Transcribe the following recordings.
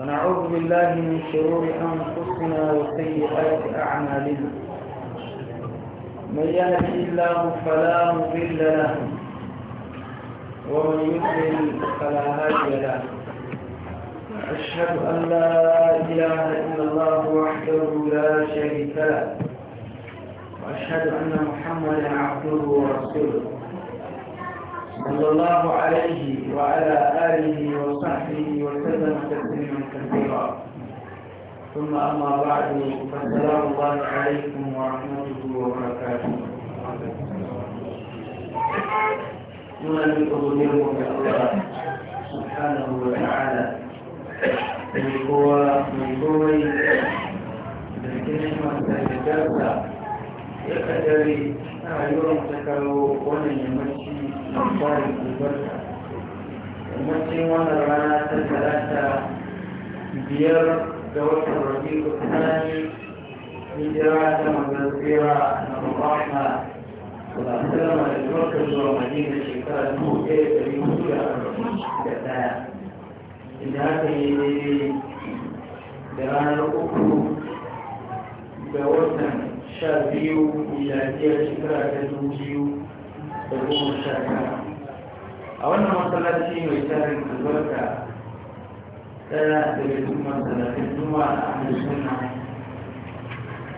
ونعوذ بالله من شرور أنفسنا وسيئات أعمالنا من يهدي الله فلا مضل له ومن يضلل فلا هادي له أشهد أن لا إله إلا الله وحده لا شريك له وأشهد أن محمدا عبده ورسوله صلى الله عليه وعلى آله وصحبه وسلم تسليما كثيرا ثم أما بعد فسلام الله عليكم ورحمته وبركاته ننبئ ظلمكم الله سبحانه وتعالى من قوة من قوة الكلمة الجلسة يقدر أعيون تكروا ولن يمشي أمثال البركة ومسلم وانا رمانا ثلاثة بيار دوت الربيع الثاني هجرة مغربية الرحمة والسلام المركز ومدينة شكرا الموجة بيوتيا كتاب إن هذه دران الأخرى دوت شابيو ميلادية شكرا كتوجيو da goma sha a wannan masallaci mai tarin albarka daya daga cikin masallacin juma a hannun suna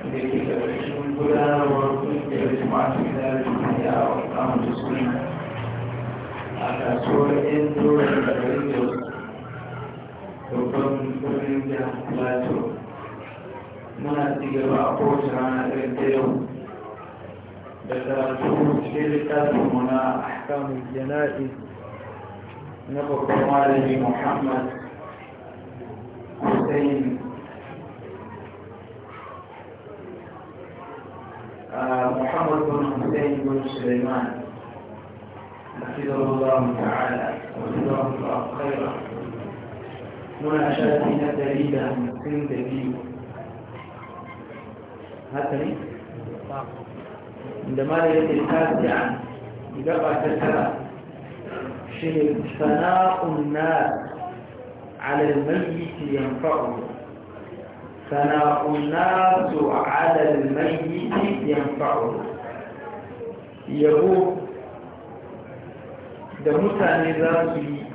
da ke da ƙarshen gudanarwar kungiyar jama'a su da rikiya a wakamun suna a kasuwar yan doron da garin da babban birnin jihar plateau muna cigaba a kowace rana irin ta yau لتراجعون شركة هنا أحكام الجنائز نبقى مالي محمد حسين محمد بن حسين بن سليمان حفظه الله تعالى وجزاه الله خيرا مناقشاتنا دليلا من دليل هاتني da mara yake tafiya gaba ta tara shi ne sana'un na alalmayyiti yanfa'u sana'un na su alalmayyiti yanfa'u yabo da mutane za su yi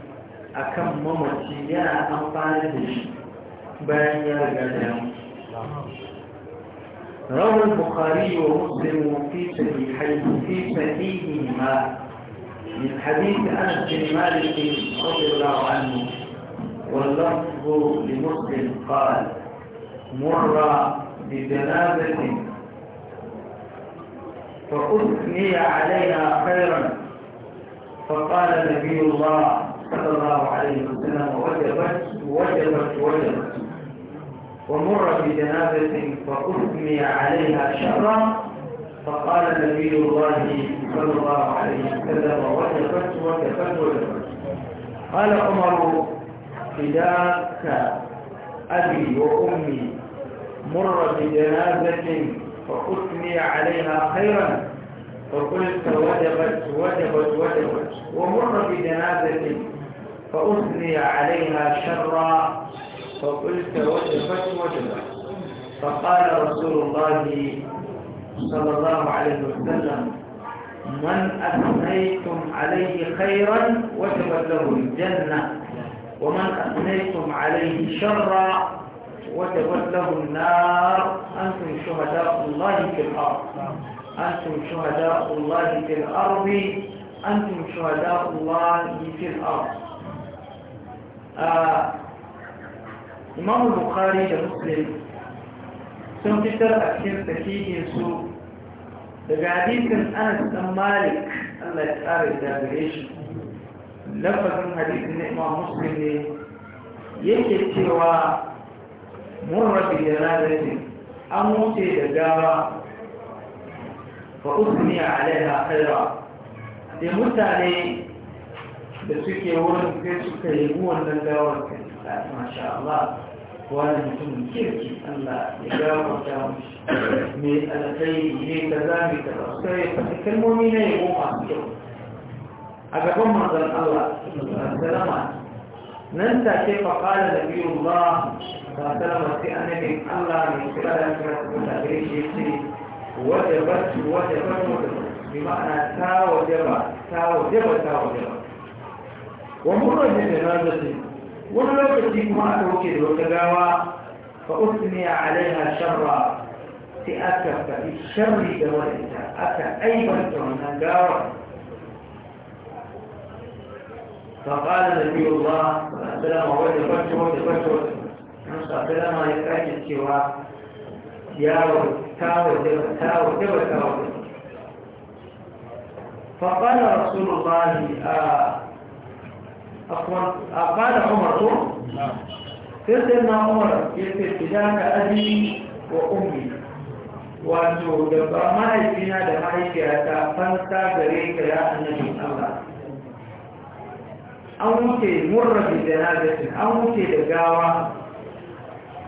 a kan mamaci yana amfani da shi bayan ya riga da yamma روى البخاري ومسلم في صحيحيه في صحيحهما من حديث انس بن مالك رضي الله عنه واللفظ لمسلم قال مر بجنازه فاثني عليها خيرا فقال نبي الله صلى الله عليه وسلم وجبت وجبت وجبت ومر بجنازة فأثني عليها شرا فقال نبي الله صلى الله عليه وسلم وجفت وكفت وكفت قال عمر فداك أبي وأمي مر بجنازة فأثني عليها خيرا فقلت وجبت وجبت وجبت ومر بجنازة فأثني عليها شرا فقلت وجبت وجبت فقال رسول الله صلى الله عليه وسلم من أثنيتم عليه خيرا وجبت له الجنة ومن أثنيتم عليه شرا وجبت له النار أنتم شهداء الله في الأرض أنتم شهداء الله في الأرض أنتم شهداء الله في الأرض آه، imamu bukari da muslim sun fitar a cikin sahihinsu daga hadisin anas dan malik allah ya tsara da gare shi lafazin hadisin na imam muslim ne yake cewa murrabi da ranar an wuce da gawa fa usmi alaiha khaira sai mutane da suke wurin sai suka yi wannan gawar ما شاء الله wani mutum kirki Allah ya gabata mushi mai alakai ne ta zami ta raskai da kalmomi na yabo masu kyau a gaban manzan Allah salama nan ta ce faƙala da biyu ba ta salama sai annabin Allah mai kira da kira da kuma da ya ce wajen batu wajen batu wajen batu bi ma'ana ta waje ba ta waje ba ta waje ba wani mutum ne da na zai ولو قلت ما توكل وتداوى فأثني عليها شرا تأكى في الشر دوائتها أكى أي من تقاوى فقال نبي الله صلى الله عليه وسلم وقال ما يكاد سوى يا تاو تاو تاو تاو فقال رسول الله قال عمر sai sai na umar ya ce idan ka abi wa ummi wato da ba mahaifina da mahaifiyata fansa gare ka ya annabi Allah an wuce murra da janazatin an wuce da gawa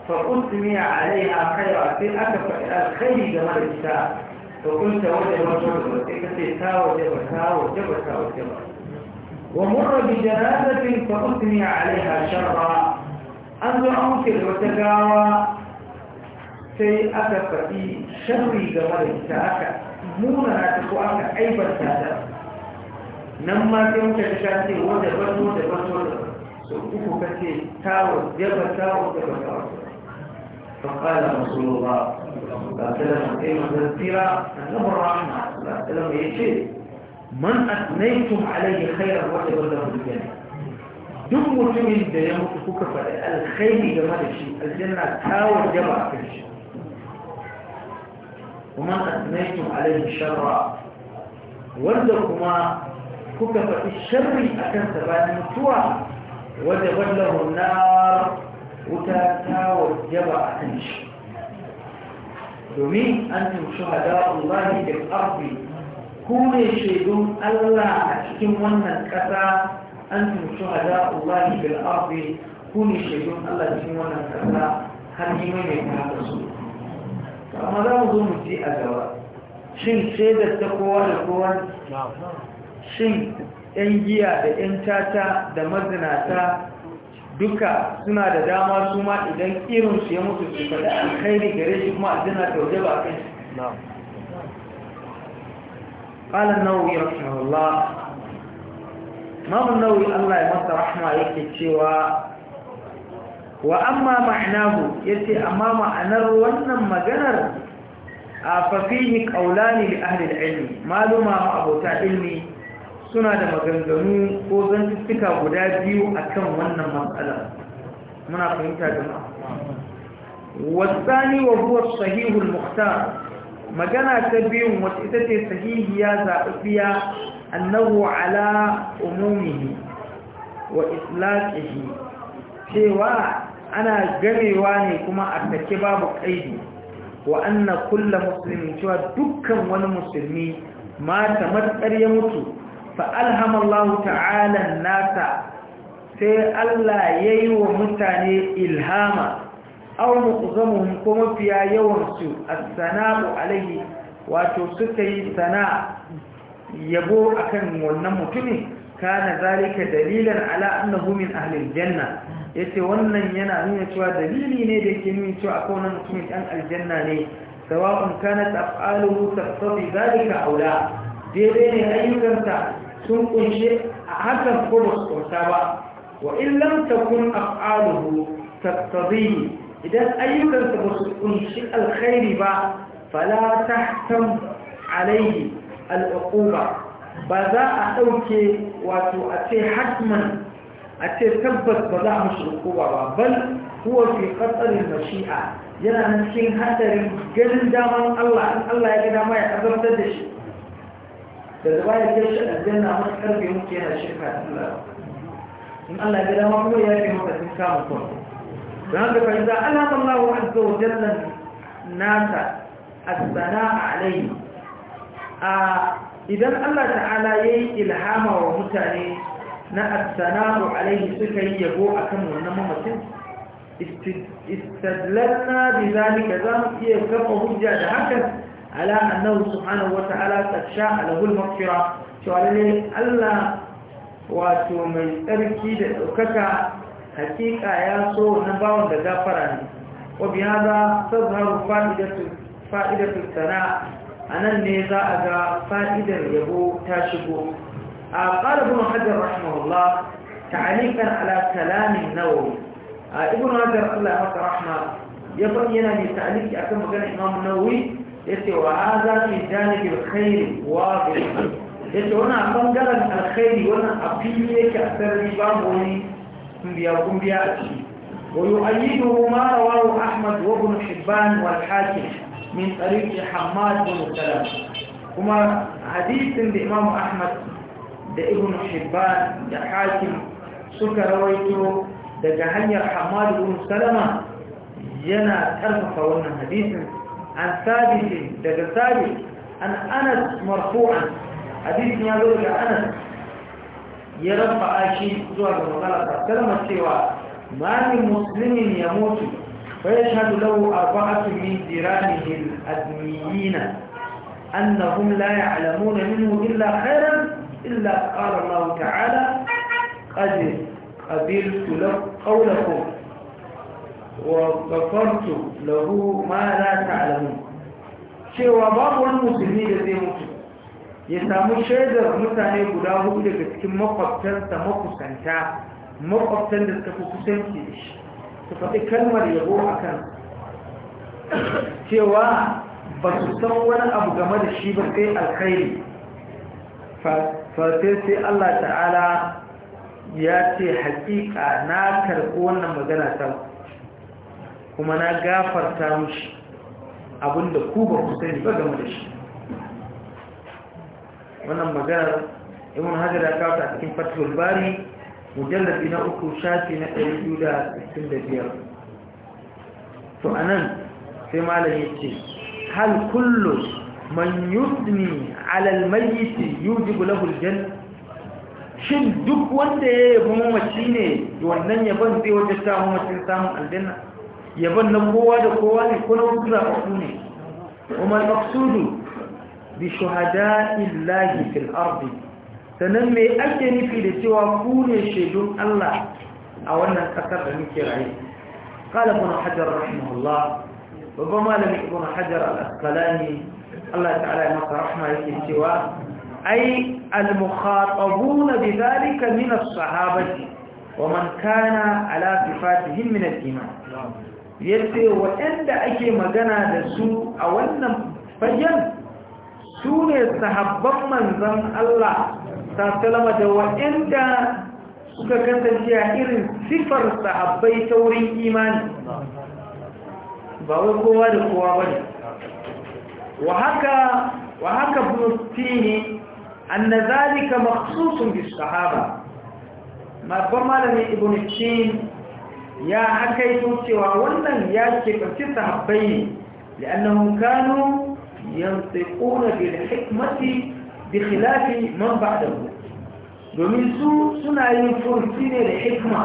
a usmiya a kaiwa sai aka faɗi alkhairi game da ita fa kunta wajen wajen sai ka ce ta waje ba ta waje ba ta waje ba ومر بجنازة فأثني عليها شرا أن أنكر وتكاوى سي أكف في شر جمالي تأكى مونا أتكو أكى أي بسادة نما تيم تشاتي وده بس وده بس وده سو أكو كتي تاو جبا تاو جبا تاو فقال رسول الله قال سلام أي مدرسيرا نمر رحمة لا سلام يشير من أثنيتم عليه خيرا واحد وده بالجنة دم مجمين ديام وطفوك فالخير جمال الشيء الجنة تاور جمع في الشيء ومن أثنيتم عليه شرا ودهما كفة الشر أكن سبان متوى وده وده النار وتاور جمع في الشيء دمين أنتم شهداء الله في الأرض ku ne shaidun Allah a cikin wannan ƙasa an tushu a da'ullahi bil ko ku ne shaidun Allah cikin wannan ƙasa har yi mai haka su amma za mu zo mu ji a gaba shin shaidar ta kowa da kowa shin yan giya da yan tata da mazinata duka suna da dama su ma idan irin su ya mutu su faɗi alkhairi gare shi kuma a jina ta waje ba kai قال النووي رحمه الله ما النووي الله يمد رحمه يكي cewa wa amma ma'anahu yace amma ma'anar wannan maganar a fafihi qaulani li ahli al-ilmi maluma ma abota ilmi suna da maganganu ko zantuttuka guda biyu akan wannan matsala muna fahimta jama'a wasani wa huwa sahihul muhtar magana ta biyun wata ita ce sahihiya zaɓaɓɓiya annahu ala umumihi wa islaƙihi cewa ana gamewa ne kuma a take babu ƙaidi wa anna kulla musulmi cewa dukkan wani musulmi mata matsar ya mutu fa alhamallahu ta'ala nasa sai Allah ya yi wa mutane ilhama aw muqzamuhum kuma mafiya yawan su as-sana'u alayhi wato suka yi sana yabo akan wannan mutumin kana zalika dalilan ala annahu min ahli al-janna yace wannan yana nuna cewa dalili ne da yake nuna cewa akwai wannan mutumin dan aljanna ne sawa'un kanat af'aluhu taqtadi zalika aw la daidai ne ayyukansa sun kunshe hakan ko ba su ba wa in lam takun af'aluhu taqtadi idan ayyukansa ba su kunshi alkhairi ba fala tahtam alaihi al'uquba ba za a dauke wato a ce hatman a ce tabbas ba za mu musu hukuma ba bal huwa fi qatsarin mashi'a yana nan cikin hadarin ganin daman Allah in Allah ya ga dama ya azabtar da shi da zuwa ya kai shi aljanna masu karfe muke yana shirka da Allah in Allah ya ga dama kuma ya fi maka sun kama kuma don haka kai za a alaƙa Allah wa azza wa jalla nata as alayhi idan Allah ta'ala yayi ilhama wa mutane na as-sana'a alayhi suka yi yabo akan wannan mamacin istadlanna bi zalika za mu iya kafa hujja da haka ala annahu subhanahu wa ta'ala qad sha'a lahu al to Allah wato mai tsarki da daukaka حقيقة ياسو نباون دافراني وبهذا تظهر فائدة فائدة الثناء أن النزاع ذا فائدة يبو تاشبو قال ابن حجر رحمه الله تعليقا على كلام النووي ابن حجر الله رحمه يبين أن يتعليق أكما على كلام النووي يتي وهذا في جانب الخير واضح يتي هنا أقوم قال الخير وأنا أبيلك أكثر ببابوني kumbiya kumbiya a ciki wayo ayyidu ma rawahu ahmad wa ibn hibban wal hakim min tariq hammad bin salam kuma hadithin da imam ahmad da ibn hibban da hakim suka rawaito daga hanyar hammad bin salama yana karfafa wannan hadithin an sabiti daga sabi an anas marfu'an hadithin ya zo daga anas ya rafa shi zuwa ga magana ta kalmar cewa ma min muslimin ya mutu fa yashhadu lahu arba'atu min jiranihi al-admiyina annahum la ya'lamuna minhu illa khairan illa qala Allah ta'ala qad qabiltu lakum qawlakum wa ghafartu lahu ma la ta'lamun cewa babu wani musulmi da zai mutu ya samu shaidar mutane guda hudu daga cikin makwabtansa makusanta makwabtan da suka fi kusanci da shi su faɗi kalmar yabo a kan cewa ba su san wani abu game da shi ba sai alkhairi farfe sai Allah ta'ala ya ce "Hakika na karɓi wannan magana ta kuma na gafarta mushi abinda ku ba ku sani ba game da shi wannan maganar ibn hajar ya kawo a cikin fatul bari mujallabi na uku shafi na 265 to anan sai malam ya ce hal kullu man yudni ala almayyit yujibu lahu aljanna shin duk wanda ya yabo mamaci ne wannan yaban zai wajen ta mamacin samun aljanna yaban nan kowa da kowa ne ko na wasu zaɓaɓɓu ne umar maksudu bi shuhada'illahi fil ardi sanan me ake nufi da cewa ku ne shaidun Allah a wannan kasar da muke rayu qala ibn hajar rahimahullah babban malami ibn hajar al-asqalani Allah ta'ala ya masa rahma yake cewa ai al-mukhatabun bi dhalika min as-sahabati wa man kana ala sifatihim min al-iman yace waɗanda ake magana da su a wannan fagen su ne sahabban manzan Allah ta salama da waɗanda suka kasance a irin sifar sahabbai ta wurin imani ba wai kowa da kowa ba ne wa haka bulutini an na zalika maksusun bi sahaba mabban malamin ibn cin ya haka yi cewa wannan ya ke sahabbai ne da annan kanu yantiquna bil hikmati bi khilafi man ba'dahu domin su suna yin furci ne da hikma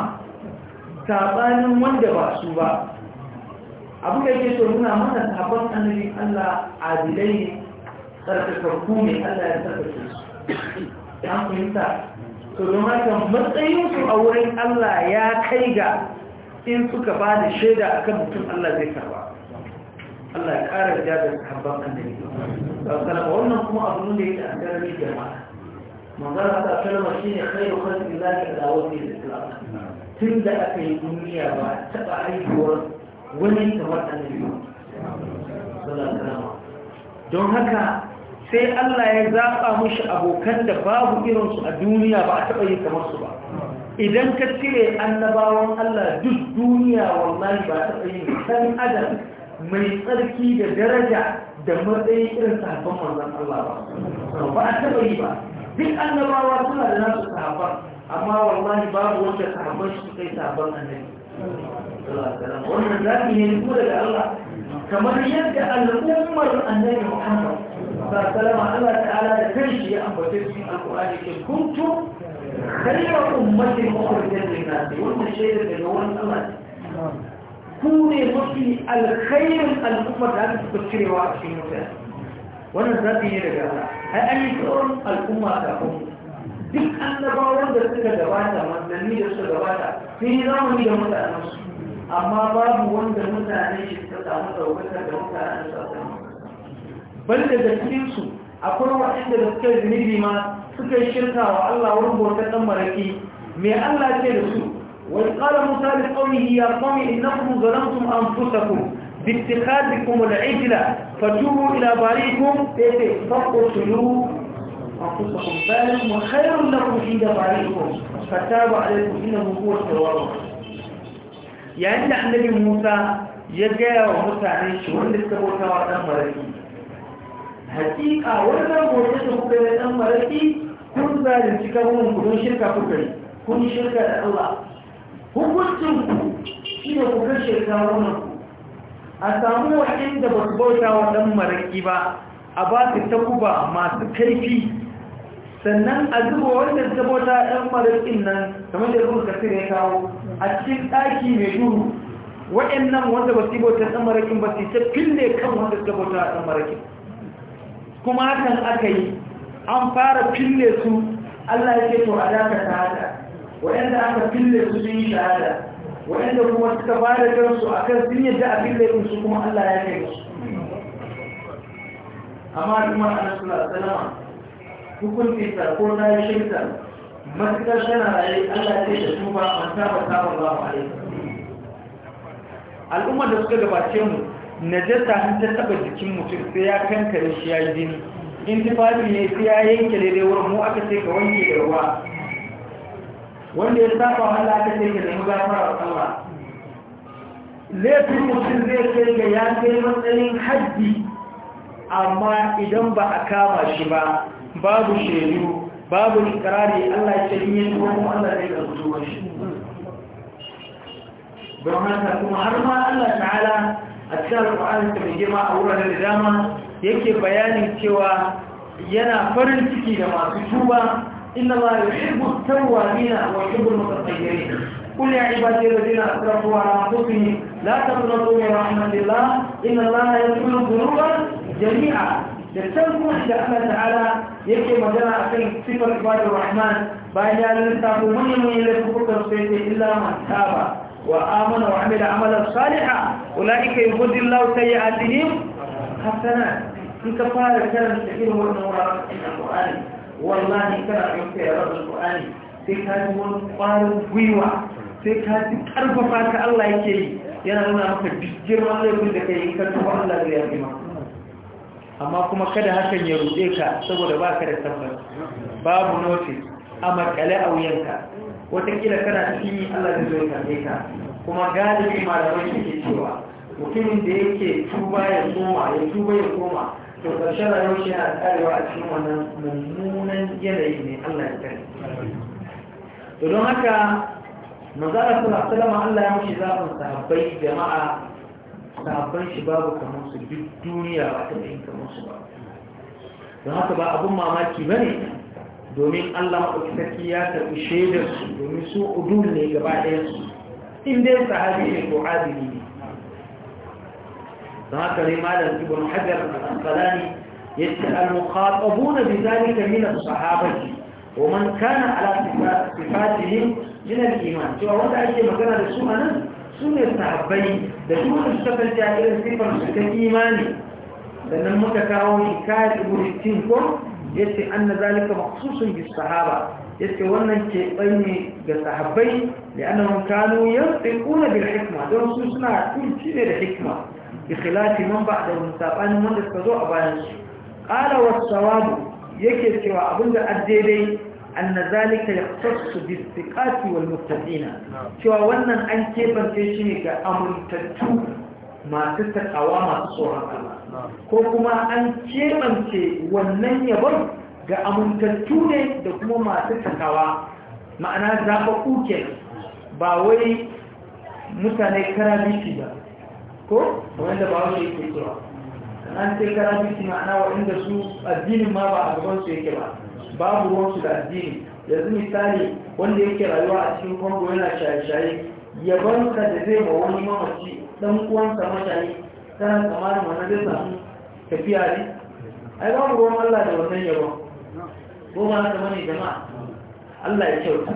sabanin wanda ba su ba abu da yake so mana sabon annabi Allah adilai sarkakakku ne Allah ya sarkake su an fahimta to don haka matsayinsu a wurin Allah ya kai ga in suka ba da shaida akan mutum Allah zai karba Allah ya ƙara da karban kan jagar sahabban annabi sallallahu wannan kuma abu ne da an gane jama'a manzara ta kalmar shine khairu khalqi Allah da wani islam tun da aka yi duniya ba taɓa haihuwar wani kamar annabi sallallahu don haka sai Allah ya zaɓa mushi abokan da babu irinsu a duniya ba a taɓa yi kamar su ba idan ka cire annabawan Allah duk duniya wallahi ba taɓa yi san adam mai tsarki da daraja da matsayi irin sahabban manzan Allah ba ba a taɓa yi ba duk annabawa suna da nasu sahabban amma wallahi babu wanda sahabban shi kai sahabban annabi wannan zafi ne nufu daga Allah kamar yadda al'ummar annabi Muhammad ba salama Allah ta'ala da shi ya ambace cikin alƙur'ani ke kuntu khayra ummatin ukhrijat lin-nas wannan shaidar daga wani Allah ku ne mafi alkhairin al'ummar da aka suka cirewa a cikin mutane wannan za zafi ne daga Allah ai an yi tsoron al'umma kafin duk annabawan da suka gabata manzanni da suka gabata sun yi zamani da mutanensu amma babu wanda mutane shi suka samu ɗaukakar da mutanen su a samu Ban da cikinsu akwai waɗanda da suka zunubi ma suka shirka wa Allah wurin bautar ɗan maraƙi. me Allah ce da su وقال قال موسى لقومه يا قوم إنكم ظلمتم أنفسكم باتخاذكم العجلة فتوبوا إلى بارئكم إيه، فاقتلوا أنفسكم ذلكم خير لكم عند بارئكم فتاب عليكم إنه هو التواب يعني نحن النبي موسى يجاء ومتعني شون للتبوت وعدم الملكي حقيقة ولا موسى تبوت وعدم ملكي كن ذلك كون كن شركة فكري كن شركة الله hukuncin shi ne ku kashe kawunan a samu waɗanda ba su bauta wa ɗan maraƙi ba a ba su takuba masu kaifi sannan a zuba wanda ta bauta ɗan maraƙin nan kamar da rubuta kasir ya kawo a cikin ɗaki mai duhu waɗannan wanda ba su yi bauta ɗan maraƙin ba su ta fille kan wanda ta bauta ɗan maraƙin kuma hakan aka yi an fara fille su Allah ya ce to a dakata haka wa'anda aka fille su sun yi shahada wa'anda kuma suka fara kansu a kan sun yadda a fille su kuma Allah ya kai su amma kuma a nasu da salama hukunci ta ko na yi shirka matuƙar shana raye Allah ya kai su ba an saba saba ba wa al'ummar da suka gabace mu najasa an ta taba jikin mutum sai ya kankare shi ya yi jini in ne sai ya yanke daidai wurin mu aka sai ka wanke da ruwa wanda ya saba Allah ta ce da nemi gafara wa Allah laifin mutum zai kai ga ya kai matsayin haddi amma idan ba a kama shi ba babu shaidu babu ikrari Allah ya ce in yi kuma Allah zai ga zuwa shi don haka kuma har ma Allah ta'ala a cikin alƙur'ani ta mai girma a wuraren da dama yake bayanin cewa yana farin ciki da masu tuba إن الله يحب التوابين ويحب المتطيرين قل يا عبادي الذين أسرفوا على أنفسهم لا تقنطوا من رحمة الله إن الله يغفر الذنوب جميعا لتنكم إلى الله تعالى يكي مجرى في صفة عباد الرحمن بأن لا ينتابوا من يمين لفقط الصيد إلا من تاب وآمن وعمل عملا صالحا أولئك يبدل الله سيئاتهم حسنات انت فارق كلام تحيل والنور القرآن wallahi kana in ka yara sai ka ji wani gwiwa sai ka ji karfafa ka Allah yake yi yana nuna maka bijir laifin da kai ka tuba Allah da yafi ma amma kuma kada hakan ya rude ka saboda baka da tabbas babu noti a makale a wuyanka watakila kana cikin yi Allah da zai kame ka kuma galibi malamai ke cewa mutumin da yake tuba ya koma ya tuba ya koma to ƙarshen rayuwar shi yana karewa a cikin wannan mummunan yanayi ne Allah ya kare to don haka manzara sallallahu alaihi salama Allah ya mushi zaɓin sahabbai jama'a sahabban shi babu kamar su duk duniya ba ta yin kamar su ba don haka ba abun mamaki ba ne domin Allah maɗaukaki ya karɓi shaidar su domin su udul ne gaba ɗaya su in dai sahabi ne ko adili ne ذاك رمال ابن حجر الأسقلاني يسأل المخاطبون بذلك من الصحابة ومن كان على صفاتهم من الإيمان شو أود أي شيء مكان للسؤال سنة الصحابي دشوا الشكل جاهل صفة إيماني لأن المتكرون كار ابن التنكم يسأل أن ذلك مخصوص بالصحابة يسأل وأن الشيطين بالصحابي لأنهم كانوا ينطقون بالحكمة دون سنة كل شيء الحكمة ikhlasi man ba da musabanin wanda suka zo a bayan su qala was yake cewa abinda addaidai anna zalika yaqtasu bi istiqati wal muttaqina cewa wannan an kebance shi ne ga amintattu masu takawa masu tsoron Allah ko kuma an kebance wannan yabon ga amintattu ne da kuma masu takawa ma'ana zaɓa uke ba wai mutane karabici ba ko wanda ba wasu yake cewa an ce karafici ma'ana waɗanda su addinin ma ba a gabansu yake ba babu su da addini yanzu misali wanda yake rayuwa a cikin kongo yana shaye-shaye ya ka da zai ma wani mamaci dan uwansa mashayi tana tsamanin wannan zai samu tafiya ne ai babu ruwan Allah da wannan yabon ko ba na zama ne jama'a Allah ya kyauta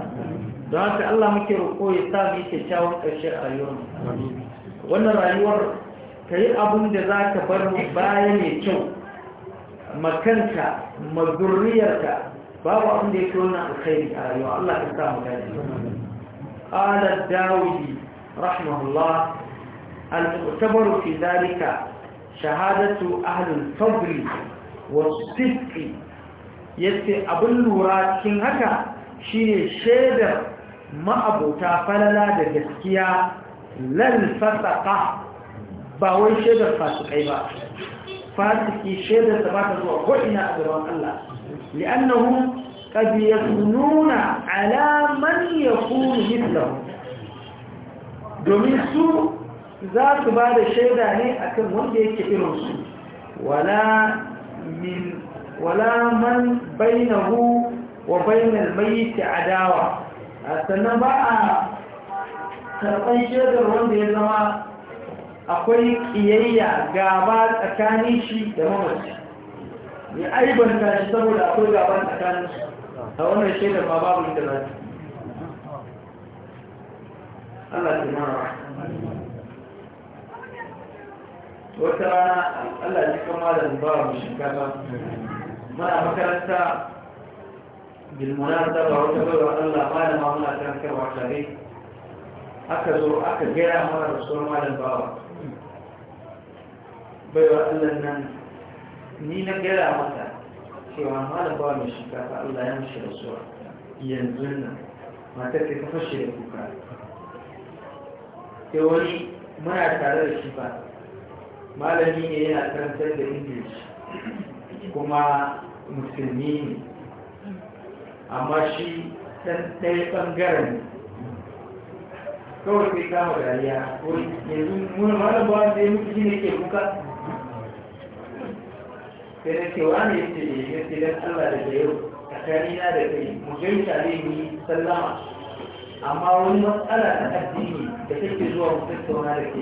don haka Allah muke roƙo ya sa mu yi kyakkyawan ƙarshe a rayuwarmu wannan rayuwar ka yi abin da za ka bar baya mai kyau makanka mazurriyarka babu abin da ya ke wannan alkhairi a rayuwa Allah ka samu daji قال الداودي رحمه الله المعتبر في ذلك شهادة أهل الفضل والصدق yace abin lura cikin haka shine shaidar ma'abota falala da gaskiya lan fasaka ba wai shaidar fasikai ba fasiki shaidar da ba ta zuwa ko'ina a gaban Allah li'annahu qad yakununa ala man yakunu mithlahu domin su za su ba da shaida ne akan wanda yake irin su wala min wala man bainahu wa bainal mayyit adawa sannan ba a karɓar shaidar wanda ya zama akwai ƙiyayya gaba tsakanin shi da mamaci ya aibanta shi saboda akwai gaba tsakanin shi a wannan shaidar ma babu ita za Allah ta mara wata rana Allah ya kama da zubawa mai shinkafa muna makaranta bilmunar da ba wata bai Allah ma da mamuna kan kai wa tare aka zo aka gaya mana rasuwar malin bawa baiwa allan nan ni na gaya mata cewa malin bawa mai shinkafa allah ya mashi rasuwa yanzu nan matar ta fashe da kuka sai wani muna tare da shi ba malami ne yana karantar da english kuma musulmi ne amma shi ɗan ɗaya ɓangaren kawai kai kama dariya yanzu muna ba da ya mutu shi ne kuka sai da cewa ne ya ce ya ce don Allah da ke yau tsakanina da kai mu gaisa ne mu yi sallama amma wani matsala ta addini da take zuwa mu tattauna da ke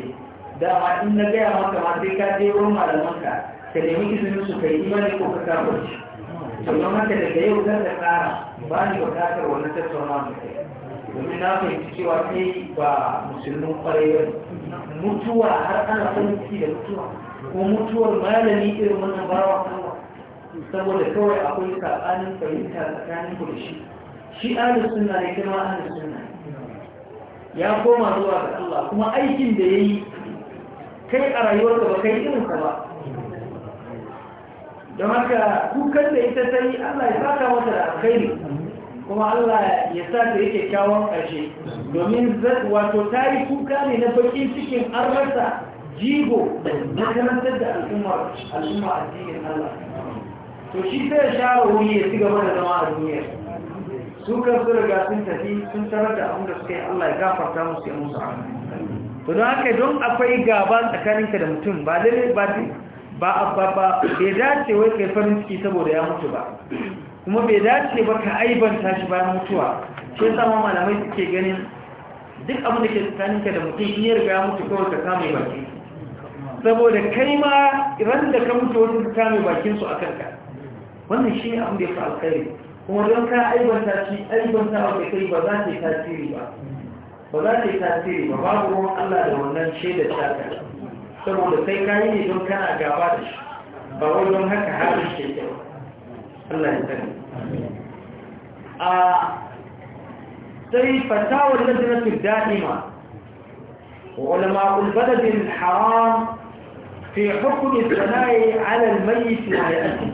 dama in na gaya maka ma sai ka je wurin malamanka ka nemi izinin su kai imani ko ka kafarci to don haka daga yau zan da tsara ba ni bukatar wani tattauna da kai domin na fahimci cewa kai ba musulmin kwarai ba mutuwa har ana sanci da mutuwa ko mutuwar malami irin wannan bawa kawa saboda kawai akwai tsakanin fahimta tsakanin ku da shi shi ana suna ne kuma ana suna ya koma zuwa ga Allah kuma aikin da yayi kai a rayuwarka ba kai irin ka ba don haka kukan da ita ta Allah ya saka mata da alkhairi kuma Allah ya sa ta yake kyawun ƙarshe domin wato ta yi kuka ne na bakin cikin an jigo na karantar da al'ummar al'umma a cikin Allah to shi sai shara wuri ya ci gaba da zama a duniya su kan su riga sun tafi sun tarar da abin da suka yi Allah ya gafarta musu ya musu to don haka don akwai gaba tsakaninka da mutum ba dai ba ba ba bai dace wai kai farin ciki saboda ya mutu ba kuma bai dace ba ka aibanta shi bayan mutuwa shi yasa ma malamai suke ganin duk abin da ke tsakaninka da mutum in ya riga ya mutu kawai ka samu baki saboda kai ma ran da ka mutu wani ka samu bakin su a kanka wannan shi abin da ya fi alkhairi kuma don ka aibanta shi aibanta wa da kai ba za ta yi tasiri ba ba za ta yi tasiri ba babu ruwan Allah da wannan shaidar taka saboda sai kayi ne don kana gaba da shi ba wai don haka halin shi ba. الله يسلم تري آه، طيب، فتاوى لجنة الدائمة علماء البلد الحرام في حكم الثناء على الميت ويأتي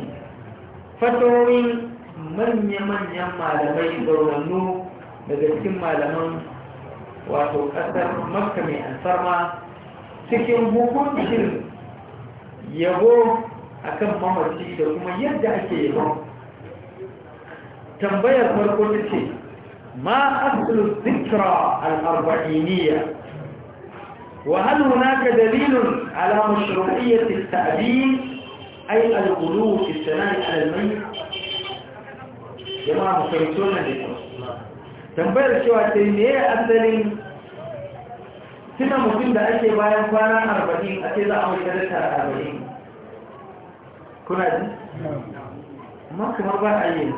فتوى من يمن يما لمن ضرور النوم لذي كما لمن واتو أثر مكمي أنصر ما سكن بكون شر يغوم أكم مهر شيء وما يبدأ شيء تنبيه farko ta ce ma aslu zikra وهل هناك دليل على مشروعية التعديل أي الغلو في الثناء على الميت جماعة مخيطون لكم تنبيه شو أتنية أسلين سنة ممكن ده أشي بايان فانا أربعين أتيضا أو ثلاثة أربعين كنا دي نعم. ما كمربع أيين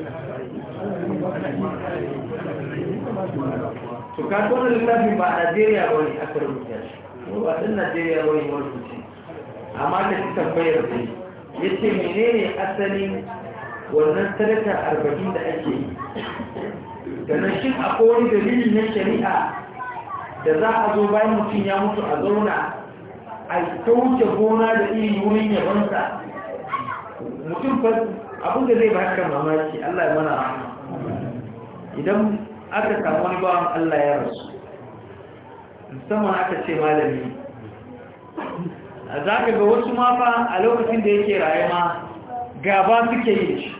to ka kuma littafin ba a najeriya ba ne aka rubuta shi ba ɗin najeriya ba ne wani ce amma da shi tambayar da ya ce menene asalin wannan sadaka arba'in da ake yi da nan shin akwai wani dalili na shari'a da za a zo bayan mutum ya mutu a zauna a kauce gona da iri wurin yabansa mutum abin da zai baka mamaki Allah ya mana rahama idan aka samu wani bawan Allah ya rasu musamman aka ce malami a zaka ga wasu mafa a lokacin da yake rayuwa gaba suke yi shi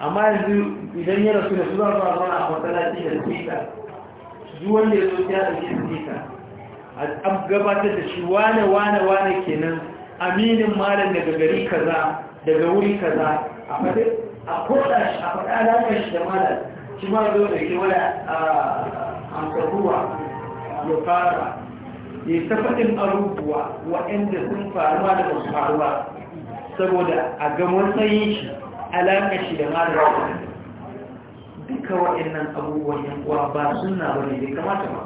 amma yanzu idan ya rasu da su zafi a zama a matsalaci da tsita zuwan da ya zo ya ɗauki spika a gabatar da shi wane wane wane kenan aminin malam daga gari kaza daga wuri kaza a faɗi a koda shi a faɗi alaƙar shi da malar shi ma zo da ke wani amsaruwa ya fara ya ta faɗin wa waɗanda sun faruwa da wasu faruwa saboda a ga matsayin shi alaƙar shi da malar duka waɗannan abubuwan yankuwa ba suna ba ne bai kamata ba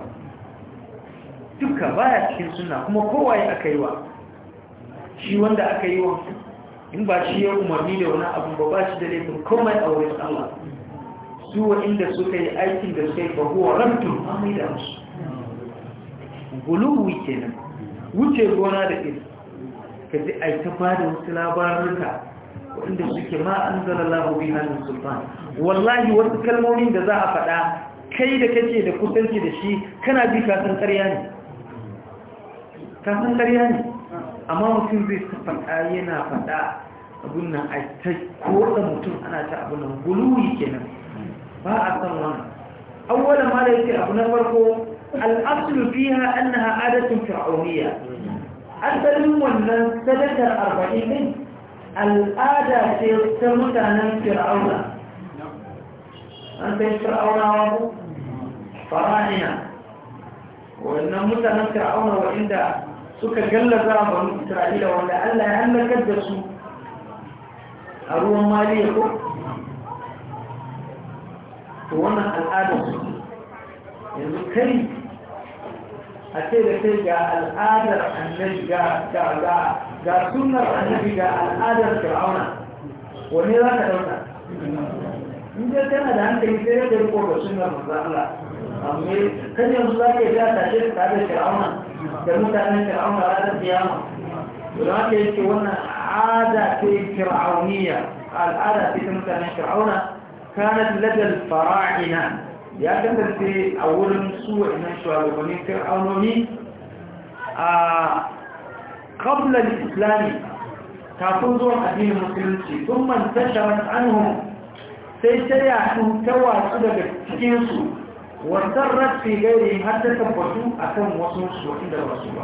duka baya cikin suna kuma kowai aka yi wa shi wanda aka yi wa in ba shi ya umarni da wani abu ba ba shi da laifin komai a wurin Allah su wa inda suka yi aikin da suka yi fahuwa rabtun amai da musu guluwi kenan wuce gona da iri ka ji a ta ba da wasu labarurka waɗanda suke ma an zala lahobi hannun sultan wallahi wasu kalmomin da za a faɗa kai da kace da kusanci da shi kana bi kasan ƙarya ne kasan ƙarya ne amma mutum zai ta faɗa yana faɗa abin nan a ta koda mutum ana ta abin nan guluwi kenan ba a san wannan awwalan ma da yake abu na farko al'aslu fiha annaha adatun fir'auniyya asalin wannan sadakar arba'in din al'ada ce ta mutanen fir'auna an fir'auna fir'aunawa ko fara'ina wannan mutanen fir'auna inda suka gallaza banu isra'ila wanda Allah ya halakar da su a ruwan maliya ko to wannan al'adar yanzu kai a ce da kai ga al'adar annabi ga ga ga annabi ga al'adar fir'auna wani za ka dauka in dai kana da hankali sai ya riko da sunnar manzo Allah amma kan yanzu za ka yi ta tashi da fir'auna da mutanen fir'auna ranar kiyama don haka yake wannan عادة قال الآلة في سنة فرعون كانت لدى الفراعنة يأكد في أول نسوع نشوى لبني فرعون آه، قبل الإسلام تكون ذو الحديث المسلمين ثم انتشرت عنهم سيسري عنهم تواصل بالتكينسو وانترت في غيرهم حتى تبطوا أتم وصول سوحيد الرسول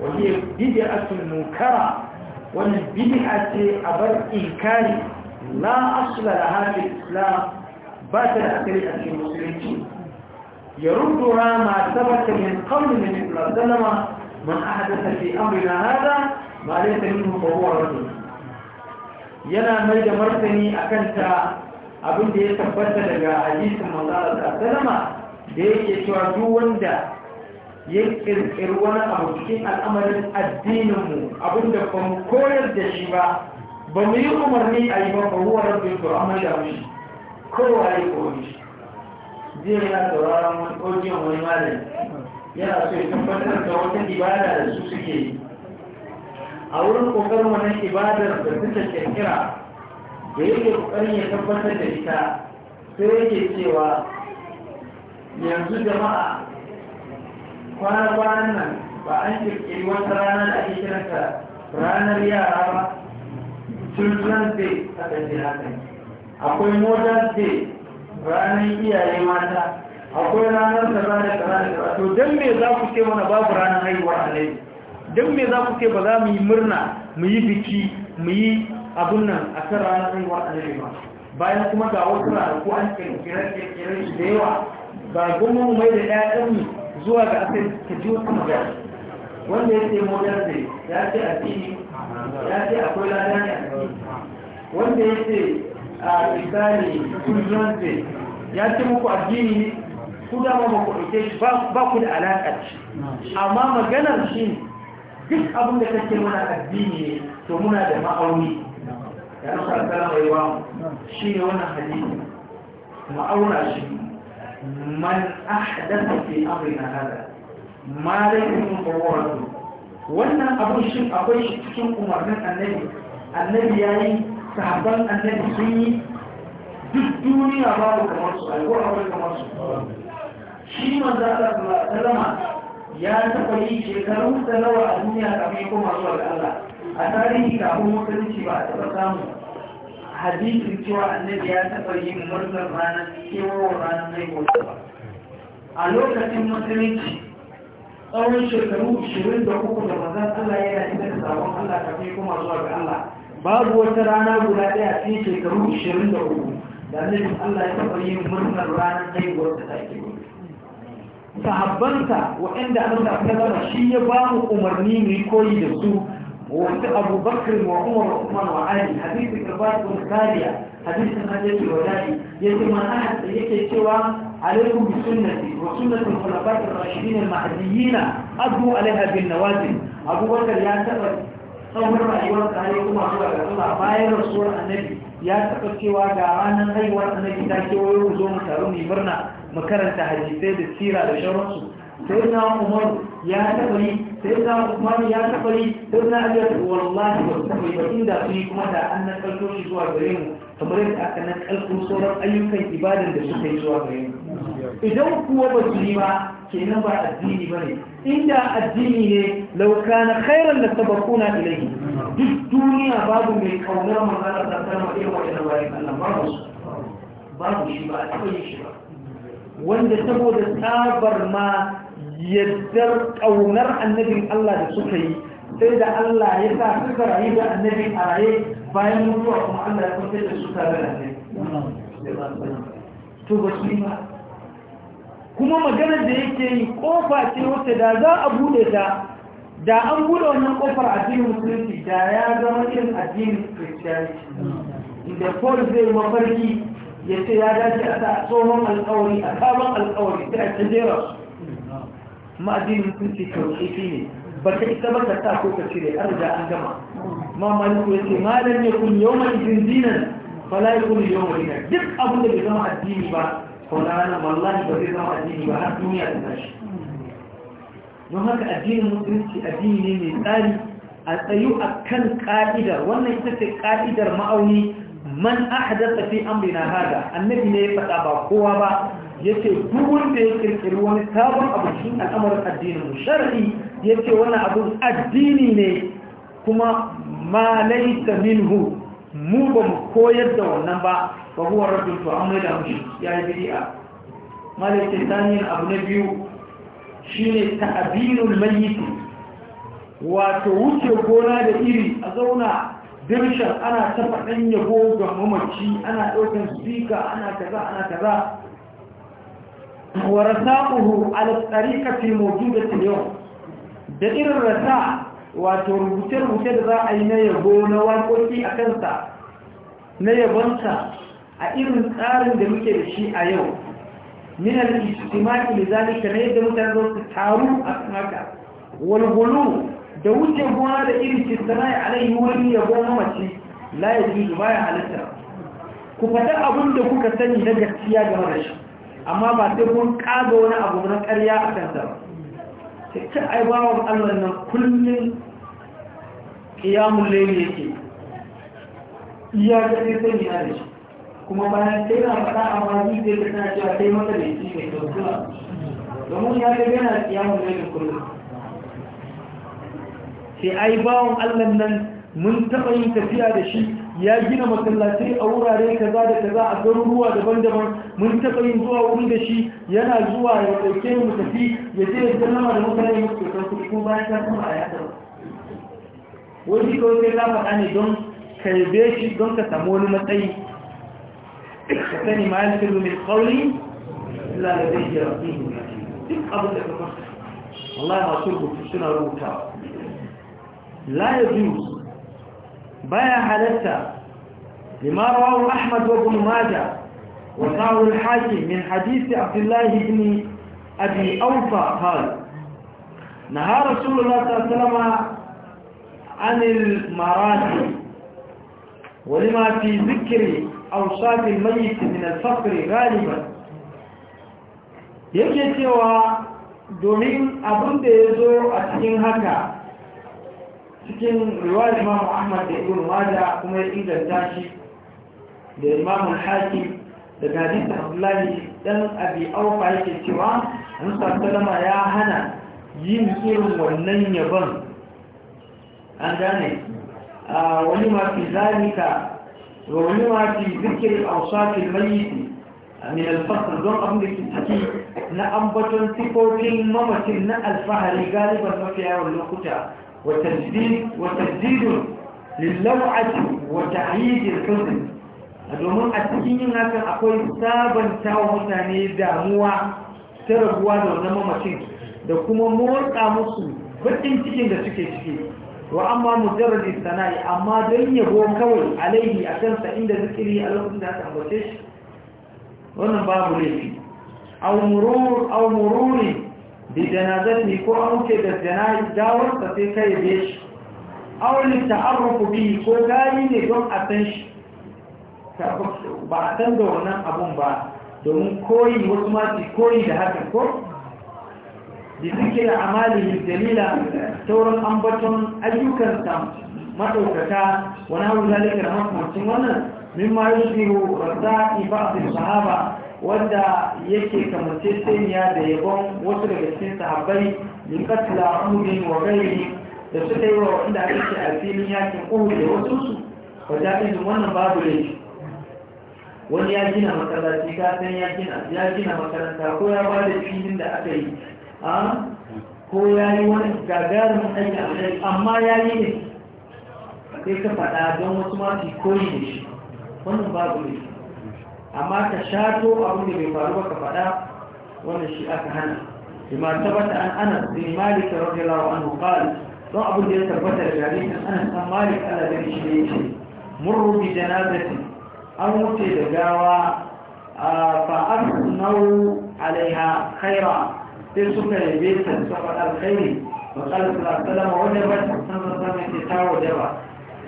وهي بدأة المنكرة والبدعة أبد إنكاري لا أصل لها في الإسلام بات الأسرية المسلمين يرد ما ثبت من قول النبي صلى الله عليه وسلم من أحدث في أمرنا هذا ما ليس منه فهو رجل ينا ميد da أكنت a kanta abinda ya tabbata daga hadisin manzara da salama da yake cewa ya kirkiri wani abu cikin al'amarin addininmu abinda ba mu koyar da shi ba ba mu yi umarni a yi mafa ba huwa rabbi ko amma da mushi kowa ya koyi shi zai yana sauraron wani ƙoƙin wani malami yana so ya tabbatar da wata ibada da su suke yi a wurin ƙoƙarin wani ibadar da suka ƙirƙira, da yake ƙoƙarin ya tabbatar da ita sai yake cewa yanzu jama'a kwana-kwanan nan ba an kirkiri wata ranar da ake kiranta ranar yara ba children's day a ƙasar haka akwai mother's day ranar iyaye mata akwai ranar da kaza da ranar da kaza to don me za ku ce mana babu ranar a annabi don me za ku ce ba za mu yi murna mu yi biki mu yi abun nan a kan ranar a annabi ba bayan kuma ga wasu ko an kirkire-kirkire da yawa ba goma mu mai da ɗayan mu zuwa ga asali ka ji wata magana wanda ya ce modern day ya ce addini ya ce akwai lada ne a wanda ya ce a misali kullum day ya ce muku addini ne ku dama ba ku ɗauke shi ba ku da alaƙa shi amma maganar shi ne duk abin da kake muna addini ne to muna da ma'auni ya nufa a yi wa shi ne wannan hadisi ma'auna shi man أحدث في أمرنا هذا ma laifin fawaratu wannan abun shin akwai shi cikin umarnin annabi annabi yayi sahabban annabi sun yi duk duniya babu kamar su akwai kamar su shi manzo Allah sallallahu ya taɓa yi shekaru da nawa a duniya kafin kuma zuwa ga Allah a tarihi kafin mutunci ba a samu hadisin cewa annabi ya taɓa yin murnar ranar kewowar ranar haihuwarsa ba a lokacin musulunci tsawon shekaru 23 da mazan Allah yana isa da sabon Allah kafin kuma zuwa ga Allah babu wata rana guda ɗaya cikin shekaru 23 da annabi Allah ya taɓa yin murnar ranar haihuwarsa ta ke sahabbansa waɗanda Allah ta zama shi ya ba mu umarni mu yi koyi da su وفي أبو بكر وعمر وعثمان وعلي حديث كبار والخالية حديث الحديث الولائي يجب أن أحد يكتوى عليكم بسنتي وسنة الخلفاء الراشدين المهديين أدوا عليها بالنوازل أبو بكر يا سبب tsawon rayuwar tsarekuma zuwa ga Allah bayan rasuwar annabi ya taɓa cewa ga ranar haihuwar annabi ta kewayo zo mu taru mai murna mu karanta hadisai da tsira da shauransu sai na umar ya taɓa yi sai na usman ya taɓa yi sai na abu ya taɓa wallahi ba yi ba inda su kuma da an na ƙarfo shi zuwa gare mu kamar yadda aka na ƙarfo sauran ayyukan ibadan da suka yi zuwa gare mu idan kuwa ba su yi ba kenan ba addini ba ne inda addini ne lauka na khairan da sabakuna ilai duk duniya babu mai kaunar manzana tattar maɗe wa ɗan bayan allah babu su babu shi ba a taɓa yin shi ba wanda saboda tsabar ma yaddar ƙaunar annabin Allah da suka yi sai da Allah ya sa suka rayu da annabin a raye bayan mutuwa kuma Allah ya kwantar da suka da annabi to kuma maganar da yake yi kofa ce wacce da za a bude ta da an bude wannan kofar addinin musulunci da ya zama irin addinin christianity inda paul zai mafarki ya ce ya dace a sa tsohon alkawari a sabon alkawari sai a tajera su ma addinin mutunci tauƙiƙi ne ba ta isa ba ka sa ko ka cire an riga an gama ma maliku ya ce malam ne kun yau mai zinzinan fala ya kun yau mai nan duk abin da bai zama addini ba faulana wallahi ba zai zama addini ba har duniya ta tashi don haka addinin mutunci addini ne mai tsari a tsayu a kan ƙa'idar wannan ita ce ƙa'idar ma'auni man ahdasa fi amrina hada annabi ne ya faɗa ba kowa ba yace duk wanda ya kirkiri wani sabon abu shi al'amarin addinin shar'i yace wannan abun addini ne kuma ma laysa minhu mu ba mu koyar da wannan ba ba huwa rabbul to amma da mushi ya yi bid'a malaka tani abu na biyu shine ta'birul mayyit wato wuce gona da iri a zauna dirshan ana ta faɗan yabo ga mamaci ana ɗaukar speaker ana kaza ana kaza ورثاؤه على الطريقة الموجودة اليوم دائر الرثاء وتربوتر da za a yi na yabo na waƙoƙi a kansa na ka a irin tsarin da muke da shi a yau min al-ijtima'i li zalika ne da mutane za a kan haka da wuce gona da irin istina'i alaihi wani yabo na mace la yajuzu baya halitta ku faɗa abin kuka sani na gaskiya game da shi amma ba sai mun kaga wani abu na ƙarya a kansa ba cikin aibawan allah nan kullum ƙiyamun laili yake iya ta sai sai ya da shi kuma bayan sai na faɗa a mazi zai ka tana cewa sai mata da shi mai kyautuwa domin ya ga yana ƙiyamun laili kullum sai aibawan allan nan mun taɓa yin tafiya da shi ya gina masallatai a wurare kaza da kaza a garuruwa daban-daban mun taɓa yin zuwa wuri da shi yana zuwa ya ɗauke mu tafi ya je ya sallama da mutane masu ke kan kuɗi kuma bayan ka kuma a yaɗa wani kawai sai ka faɗa ne don ka yabe shi don ka samu wani matsayi ka sani ma yanzu mu mai kauli lalazai ya rafi duk abin da ka fasa Allah ya masu rubutu suna rubutawa la ya zuwa baya halatta lima rawahu ahmad wa ibn majah wa sahu al-hakim min hadith abdullah ibn abi awfa qala naha rasulullah sallallahu alaihi wasallam an al-marati wa lima fi dhikri awsaf al-mayyit min al-faqr ghaliban yake cewa domin abinda ya zo a cikin haka cikin riwayar imam Ahmad da Ibn Majah kuma ya inganta shi da imam al-Hakim daga hadisin Abdullahi dan Abi Aufa yake cewa Annabi sallama ya hana yin irin wannan yabon an gane wani ma fi zalika wa wani ma fi zikir awsaf al min don abin da ke ciki na ambaton sifofin mamacin na alfahari galiban mafiya yawan lokuta وتجديد وتجديد للوعة وتعييد الحزن domin a cikin yin hakan akwai sabanta wa mutane damuwa ta raguwa da wannan mamacin da kuma motsa musu baƙin cikin da suke ciki wa amma mujarrad sana'i amma dan yabo kawai alaihi a kansa, inda zikiri a lokacin da aka ambace shi wannan babu laifi aw murur janazar ne ko an wuce da janayi dawar sa sai kai be shi ta ta'arrufu bi ko gari ne don a san shi ba a san da wannan abun ba domin koyi wasu ma su koyi da haka ko bi amali da dalila sauran ambaton ayyukansa maɗaukata wani hau zalika da makamacin wannan mimma yusiru rasa ibadu sahaba wanda yake kamace saniya da yabon wasu daga cikin sahabbai min katla umri wa ghairi da su yi wa wanda ake ce a filin yakin uhud da wasu su wajen ta wannan babu laifi wani ya gina masallaci ka san ya gina ya gina makaranta ko ya ba da filin da aka yi a ko ya yi wani gagarumin aiki a kai amma ya yi ne sai ka faɗa don wasu ma su koyi da shi wannan babu laifi amma ka shato abin da bai faru ba ka faɗa wannan shi aka hana bima tabbata an ana bin malik da radiyallahu anhu qala don abin da ya tabbata da hadisin ana san malik Allah da shi ne ce murru bi janazati an wuce da gawa fa asnau alaiha khaira sai suka yabe ta suka alkhairi wa qala sallallahu alaihi wasallam wa da ba sallallahu alaihi wasallam ta wajaba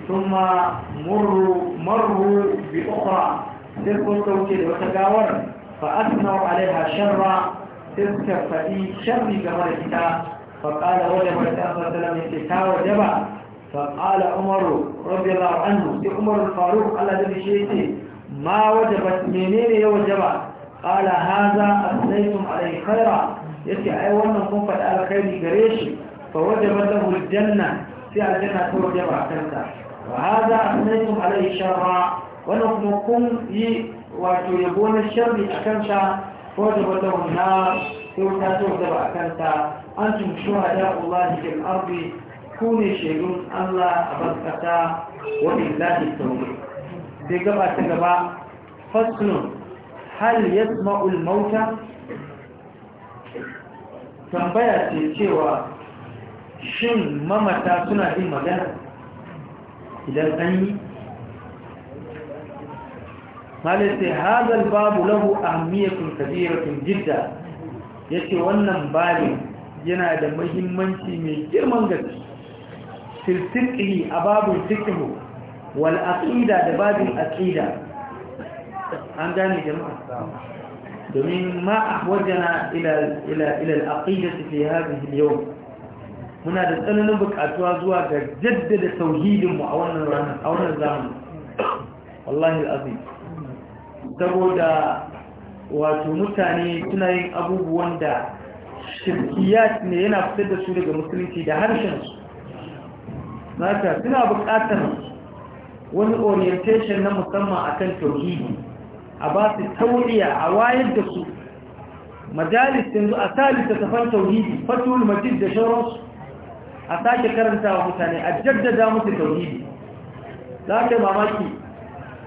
ثم مروا مروا بأخرى بالقصر كده وتجاورا فأثنوا عليها شرا تذكر فإي شر جمال الكتاب فقال هو لما يتأخذ لم يتكاو جبا فقال عمر رضي الله عنه في عمر الفاروق على ذلك ما وجبت منين يوجبا قال هذا أثنيتم عليه خيرا يتي أي ومن على خيري قريش فوجبت له الجنة في عجلة فور جبا وهذا أثنيتم عليه شرا wannan kuma kun yi wato yabo na sharri a kanta ko da wata wanda sai ta zo da ba a kanta an tun shuhada Allah fil ardi ku ne shaidun Allah a barkata wa billahi tawfiq sai gaba ta gaba faslun hal yasma'u al-mauta tambaya ce cewa shin mamata suna jin magana idan an yi malai sai hazal babu lahu ahmiyatun kabiratun jidda ce wannan babin yana da mahimmanci mai girman gaske sirtiqi a babu fiqh wal aqida da babin aqida an gane jama'a domin ma ahwajana ila ila ila al aqida fi hadhihi al yawm muna da tsananin bukatuwa zuwa ga jaddada tauhidin a wannan ranar a zamanin wallahi al saboda wato mutane suna yin abubuwan da shirkiyat ne yana fitar da su daga musulunci da harshensu mata suna bukatar wani orientation na musamman akan tauhidi a ba su tauriya a wayar da su majalis yanzu a salisa tafan tauhidi fatul majid da a sake karanta wa mutane a jaddada musu tauhidi za ka yi mamaki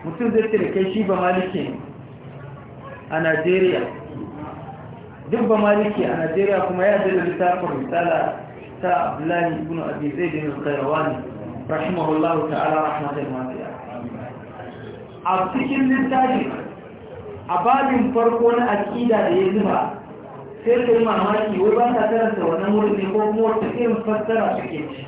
mutum zai da kai shi ba maliki a najeriya duk ba maliki a najeriya kuma ya zai da littafin misala ta abdullahi ibn abi zai da nuskarawani rahimahullahu ta'ala rahmatul mafiya a cikin littafin a babin farko na akida da ya zuba sai ka yi mamaki wai ba ta karanta wannan wurin ne ko kuma wata irin fassara suke ci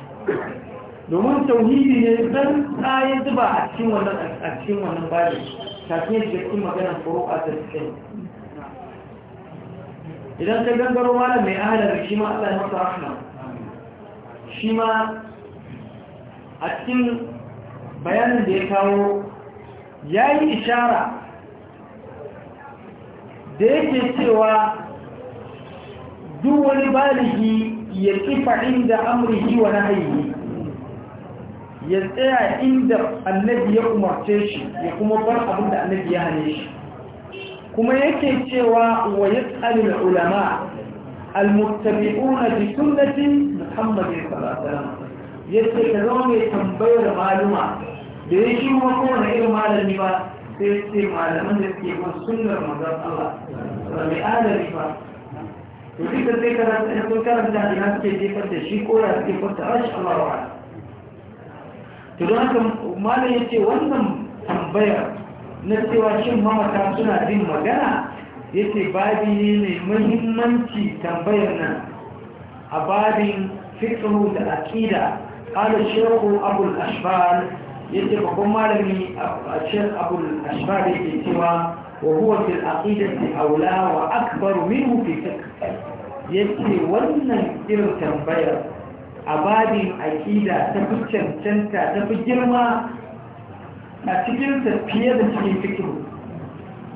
domin tauhidi ne zan kayan zuba a cikin wannan a cikin wannan bayan kafin da cikin maganar furu'a ta cikin idan ka gangaro malam mai ahalar shi ma Allah ya masa rahma shi ma a cikin bayanin da ya kawo ya yi ishara da yake cewa duk wani baligi ya kifa inda amurki wa nahayi ya tsaya inda annabi ya umarce shi ya kuma bar abin da annabi ya hane shi kuma yake cewa wa ya yas'alul ulama da bi muhammad muhammadin sallallahu alaihi wasallam yace ka zama mai tambayar maluma da ya shi kuma kowane irin malami ba sai ce malaman da suke kan sunnar manzon Allah mai adali ba to duka sai karanta sun karanta ina suke jefar da shi ko ya suke kwanta rashi Allah wa'ala to don haka malam ya ce wannan tambayar na cewa shin mamata suna jin magana ya ce babi ne mai mahimmanci tambayar nan a babin fitru da aƙida ƙada shekhu abul ashbal ya ce babban malami a shekhu abul ashbal ya ke cewa wa huwa fil aqidati aula wa akbaru minhu fi fiqh yace wannan irin tambayar a babin aƙida ta fi cancanta ta fi girma a cikin fiye da cikin fikin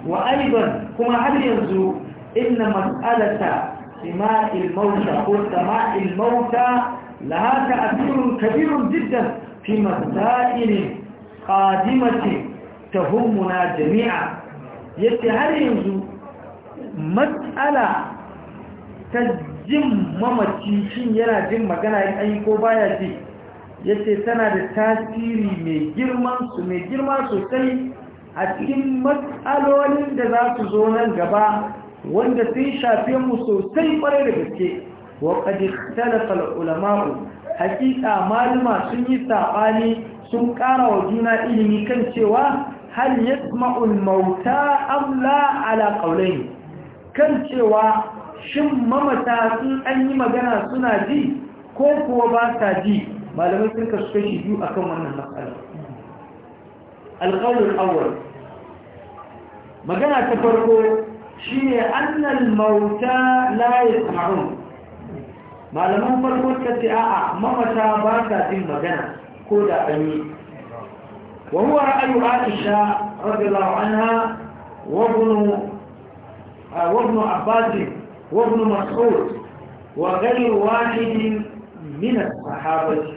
wa aiban kuma har yanzu inna mas'alata sima'il mauta ko sama'il mauta a ta'asirun kabirun jiddan fi masailin ta tahummuna jami'a yace har yanzu mas'ala ta jin mamaci shin yana jin magana in yi ko baya ji ya ce tana da tasiri mai girma sosai a cikin matsalolin da za su zo nan gaba wanda sun shafe mu sosai kwarai da gaske wa kadi talafal ulama'u hakika maluma sun yi saɓani sun ƙara wa juna ilimi kan cewa hal yasma'ul mauta amla ala kan cewa shin mamata sun an yi magana suna ji ko kuwa ba sa ji malamai sun kasu kashi biyu a kan wannan matsala alƙawar awar magana ta farko shi ne annal mauta laye marun malamai farko ta ce a'a mamata ba sa jin magana ko da an yi wa huwa ra'ayu aisha radiyallahu anha wa ibn wa وابن مسعود وغير واحد من الصحابة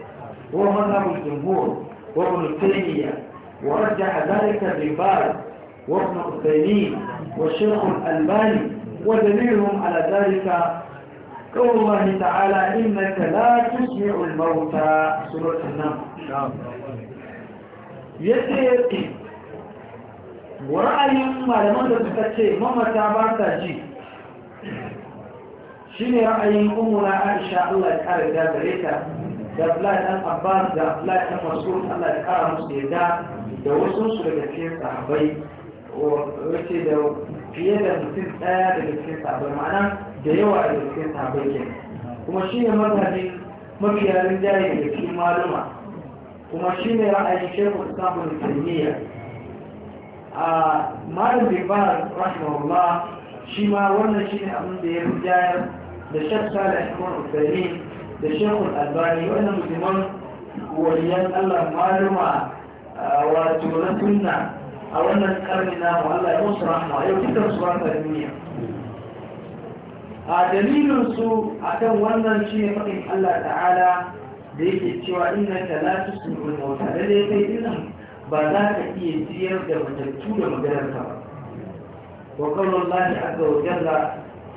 ومذهب الجمهور وابن تيمية ورجح ذلك ابن باز وابن عثيمين والشيخ الألباني ودليلهم على ذلك قول الله تعالى إنك لا تسمع الموتى سورة النمل يسير ورأي ra'ayin malaman da ما ما mamata شنو رأيهم أمنا عائشة الله يكره ذا بريتا ذا فلايت أن أباد ذا فلايت أن مسؤول الله يكره مسيدا ذا وصول سورة كيف صحبي ورسي ذا فيدا مسيد آيات كيف صحبي معنا ذا يوعى كيف صحبي كيف كما شنو مذهب مكيا لنجاية كيف معلومة كما شنو رأي شيخ الإسلام آه، بن تيمية مالو بيبان رحمه الله شيما وانا شيني أبن دي da shan shek salih ibn usaini da shekul albani wannan musulman waliyan allah maluma wato na sunna a wannan karni na mu allah ya musu rahma yau dukkan su ba duniya a dalilin su akan wannan shi ne faɗin allah ta'ala da yake cewa inna ta la tusmi'u mauta da dai kai dinnan ba za ka iya jiyar da matattu da maganar ba wa qawlu allah azza wa jalla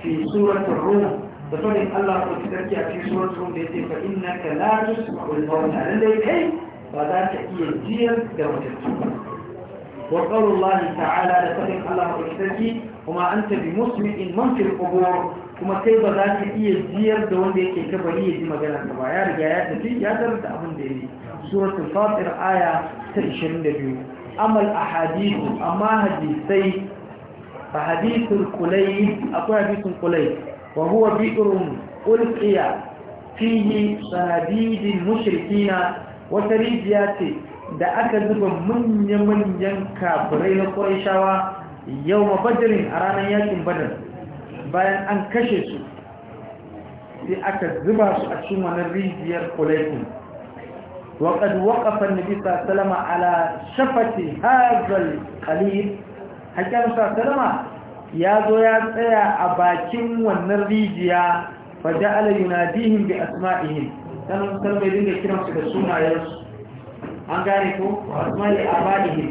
fi suratul rum da Allah ko sarki a cikin surar sun da yake fa innaka la tusma'ul mawta lalle kai ba za ka iya jiyar da mutunci wa qaulullahi ta'ala da sanin Allah ko sarki kuma anta bi musmi'in man fil qubur kuma kai ba za ka iya jiyar da wanda yake kabari ya ji magana ka ba ya riga ya tafi ya tarar da abin da yi suratul fatir aya ta 22 amal ahadithu amma hadisai fa hadithul kulayl akwai hadithul kulayl وهو بئر ألقي فيه صناديد المشركين ce da aka zuba manya-manyan kafirai na ƙwarishawa yau ma a ranar yakin badar bayan an kashe su sai aka zuba su a cikin wani rijiyar kulaikun waƙad waƙafan nabi salama ala shafati hazal kalil haƙƙar salama ya zo ya tsaya a bakin wannan rijiya fa ja'ala yunadihim bi asma'ihim sanan sai bai dinga kiran su da sunayensu an gane ko asma'i abadihim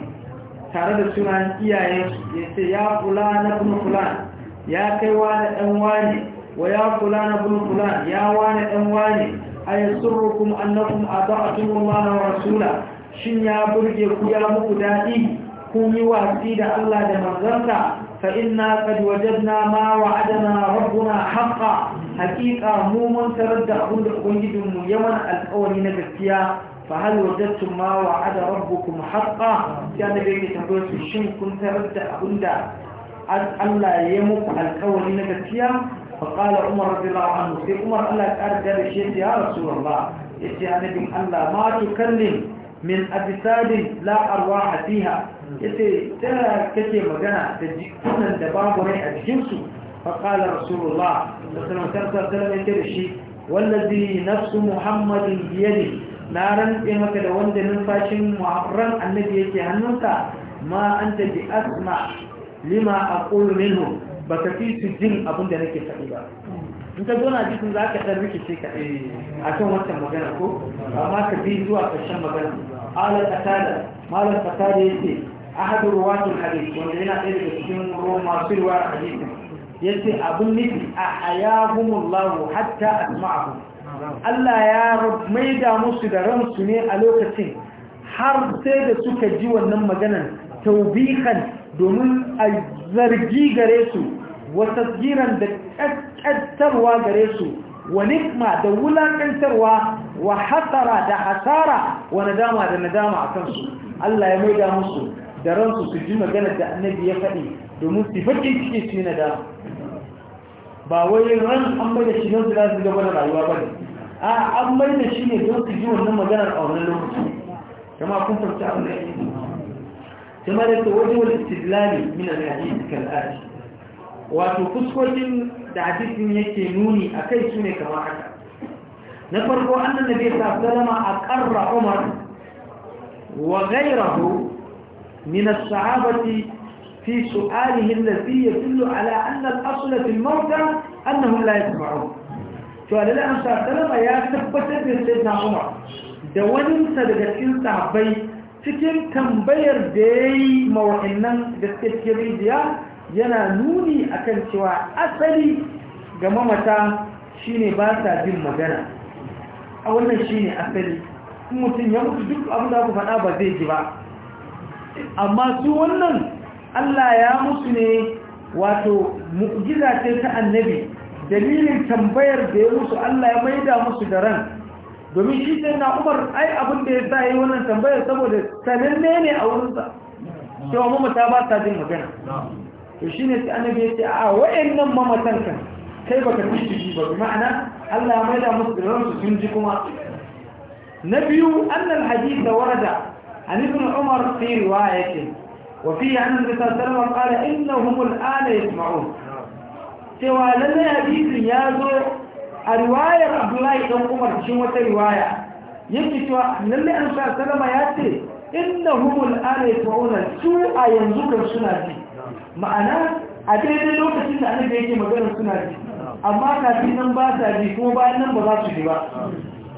tare da sunan iyayensu ya ce ya kula na bin fulan ya kai wa na dan wani wa ya kula na bin fulan ya wani dan wani a yi surrukun annakun a ba'atun rumana rasula shin ya burge ku ya muku daɗi kun yi watsi da allah da manzanta فإنا قد وجدنا ما وعدنا ربنا حقا حقيقة مو من ترد أقول أقول يمن الأول نجسيا فهل وجدتم ما وعد ربكم حقا كان بيك تقول الشم كنت رد أقول دا الله يمك الأول نجسيا فقال عمر رضي الله عنه في عمر الله أرجل شيء يا رسول الله يتي أنا الله ما تكلم min abisadin la'arwa a fiha ya ce tana kake magana da jikunan da babu rai a jikinsu faƙalar rasulullah da sanautar sassanar ya da shi wallazi nafsu muhammadin biyani na rantse maka da wanda numfashin ran annabi yake hannunka ma an ta bi asma lima a minhu ba ka fi su jin abin da nake faɗi ba in ka zona jikin za ka ɗan rikice ka eh, a kan wancan magana ko amma ka bi zuwa ƙarshen magana قال قتادة قال قتادة يتي أحد رواة الحديث ومعنا إلى بسجن روما سلوى حديث يتي أبن نفي أحياهم الله حتى أسمعهم Allah ya maida musu da ransu ne a lokacin har sai da suka ji wannan maganan taubikan domin a zargi gare su wata tsiran da ƙaƙƙantarwa gare su wa nikma da wulaƙantarwa wa hasara da hasara wa nadama da nadama a kansu Allah ya maida musu da ransu su ji magana da annabi ya faɗi domin su faɗi cike su yi nadama ba wai ran an maida shi don su za su gaba da rayuwa ba ne a an maida shi ne don su ji wannan maganar a wani lokaci kama kun ne abin da ya كما يتوجه الاستدلال من الحديث كالآتي وتفسكت دعتكم nuni نوني أكي سنة kamar haka. na farko annan nabi sallama aqarra umar wa ghayruhu min as-sahabati fi su'alihi alladhi yadullu ala anna al-asla fi al-mawta annahum la yasma'un to alalla an sallama ya tabbatar da sayyidina umar da wani sa daga cikin sahabbai cikin tambayar da yayi mawa'innan da cikin rijiya yana nuni akan cewa asali ga mamata shine ba sa jin magana a wannan shi ne asali in mutum ya mutu duk abin da aka faɗa ba zai ji ba amma su wannan allah ya musu ne wato mu'jiza ce ta annabi dalilin tambayar da ya musu allah ya maida musu da ran domin shi sai na umar ai abin da ya sa yi wannan tambayar saboda sananne ne a wurinsa cewa mamata ba ta jin magana to shi ne sai annabi ya ce a wa'annan mamatan kan kai baka fi ba, ba ma'ana Allah ya maida musu da ransu sun ji kuma na biyu annal hadith warada an ibn umar fi riwayati wa fi an nabi sallallahu alaihi wasallam qala innahum al'ana yasma'un cewa lalle hadithin ya zo a riwayar abdullahi dan umar cikin wata riwaya yake cewa lalle an sa sallama ya ce innahum al'ana yasma'una su a yanzu kan suna ji ma'ana a daidai lokacin da annabi yake magana suna ji amma kafin nan ba sa ji kuma bayan nan ba za su ji ba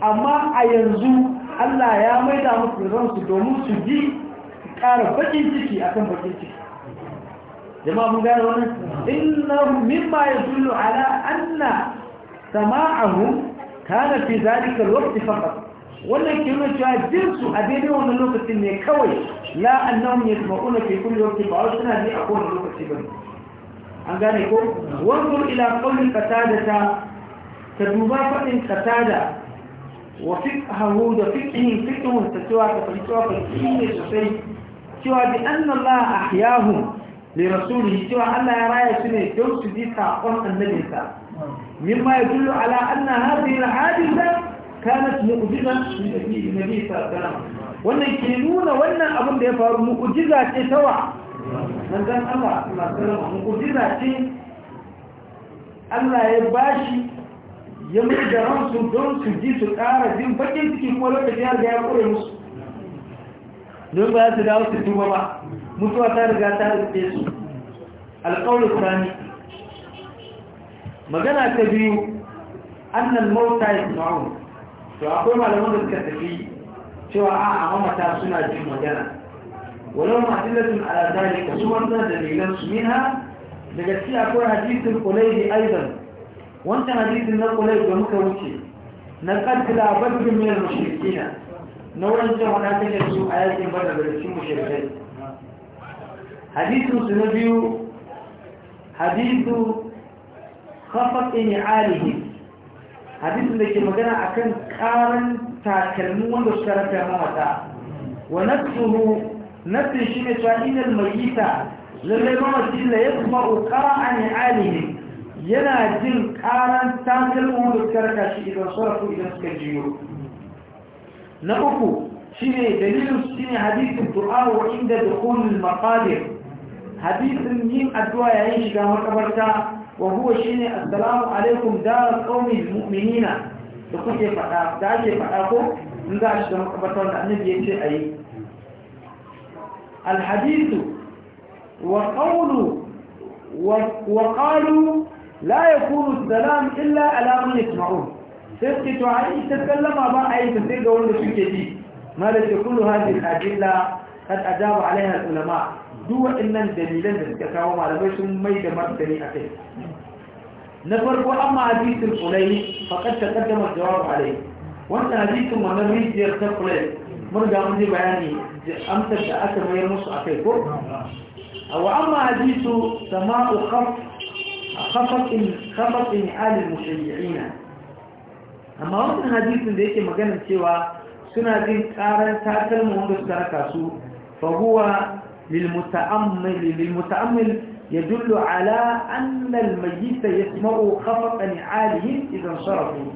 amma a yanzu Allah ya maida musu ransu domin su ji ƙara bakin ciki akan bakin ciki jama'a mun gane wannan inna mimma yadullu ala anna sama'ahu kana fi zalika alwaqt faqat wannan kirma cewa jinsu a daidai wannan lokacin ne kawai la annahum yasma'una fi kulli waqtin ba suna ji a kowane lokaci ba. an gane ko wanzur ila qawli qatada ta ta duba fadin qatada wa fiqhu da fiqhi fiqhu ta cewa ta fitowa ta ne sosai cewa bi anna Allah ahyahum li rasulihi cewa Allah ya raya su ne don su ji saƙon annabinsa mimma yadullu ala anna hadhihi al-hadisa كانت مؤجزة للنبي صلى الله عليه وسلم wannan ke nuna wannan abin da ya faru mu'ujiza ce ta wa? manzan Allah masalama mukujiza ce Allah ya bashi ya mai da ransu don su ji su ƙara jin bakin ciki kuma lokaci ya riga ya musu don ba su dawo su tuba ba mutuwa ta riga ta rufe su alƙawar sani magana ta biyu annan mauta ya to akwai malaman da suka tafi cewa a mamata suna jin magana ولهم أدلة على ذلك وصورنا دليلا منها لجسي أقول حديث القليل أيضا وانت حديث من القليل ومكوتي نقد إلى بدر من المشركين نورا جمعنا تجسوا آيات بدر بلسي مشركين حديث سنبي حديث خفت إنعاله حديث لكي مجانا أكن قارن تاكلمون وشكرا كما متى ونفسه nassin shi ne cewa inal mayyita lallai mamaci la yasma'u qara'an alihi yana jin karan takalmu da karka shi idan sarfu idan suka jiyo na uku shine dalilin shine hadisin du'a wa inda dukhulul maqadir hadisin yin addu'a yayin shiga makabarta wa huwa shine assalamu alaikum dar qaumil mu'minina da kuke fada da ake fada ko in za a shiga makabarta da annabi yace ayi الحديث وقول وقالوا لا يكون السلام إلا على من يسمعون سيبقى تعالي تتكلم أبا أي تسير قول لشكتي ما لك كل هذه الأدلة قد أجاب عليها العلماء دو إنن دليلين تتكاوم على بيش ميت مرتني أكيد نفرق أما حديث القليل فقد تقدم الجواب عليه وأن حديث من الرجل يختلف قليل mun ga mun ji bayani amsar da aka mayar musu akai ko wa amma hadithu sama'u khaf khafat khafat al mushayyi'ina amma wannan hadisin da yake magana cewa suna jin karan takalmin wanda suka raka su fa huwa lil muta'ammil lil muta'ammil يدل على أن الميت يسمع خفق نعالهم إذا انصرفوا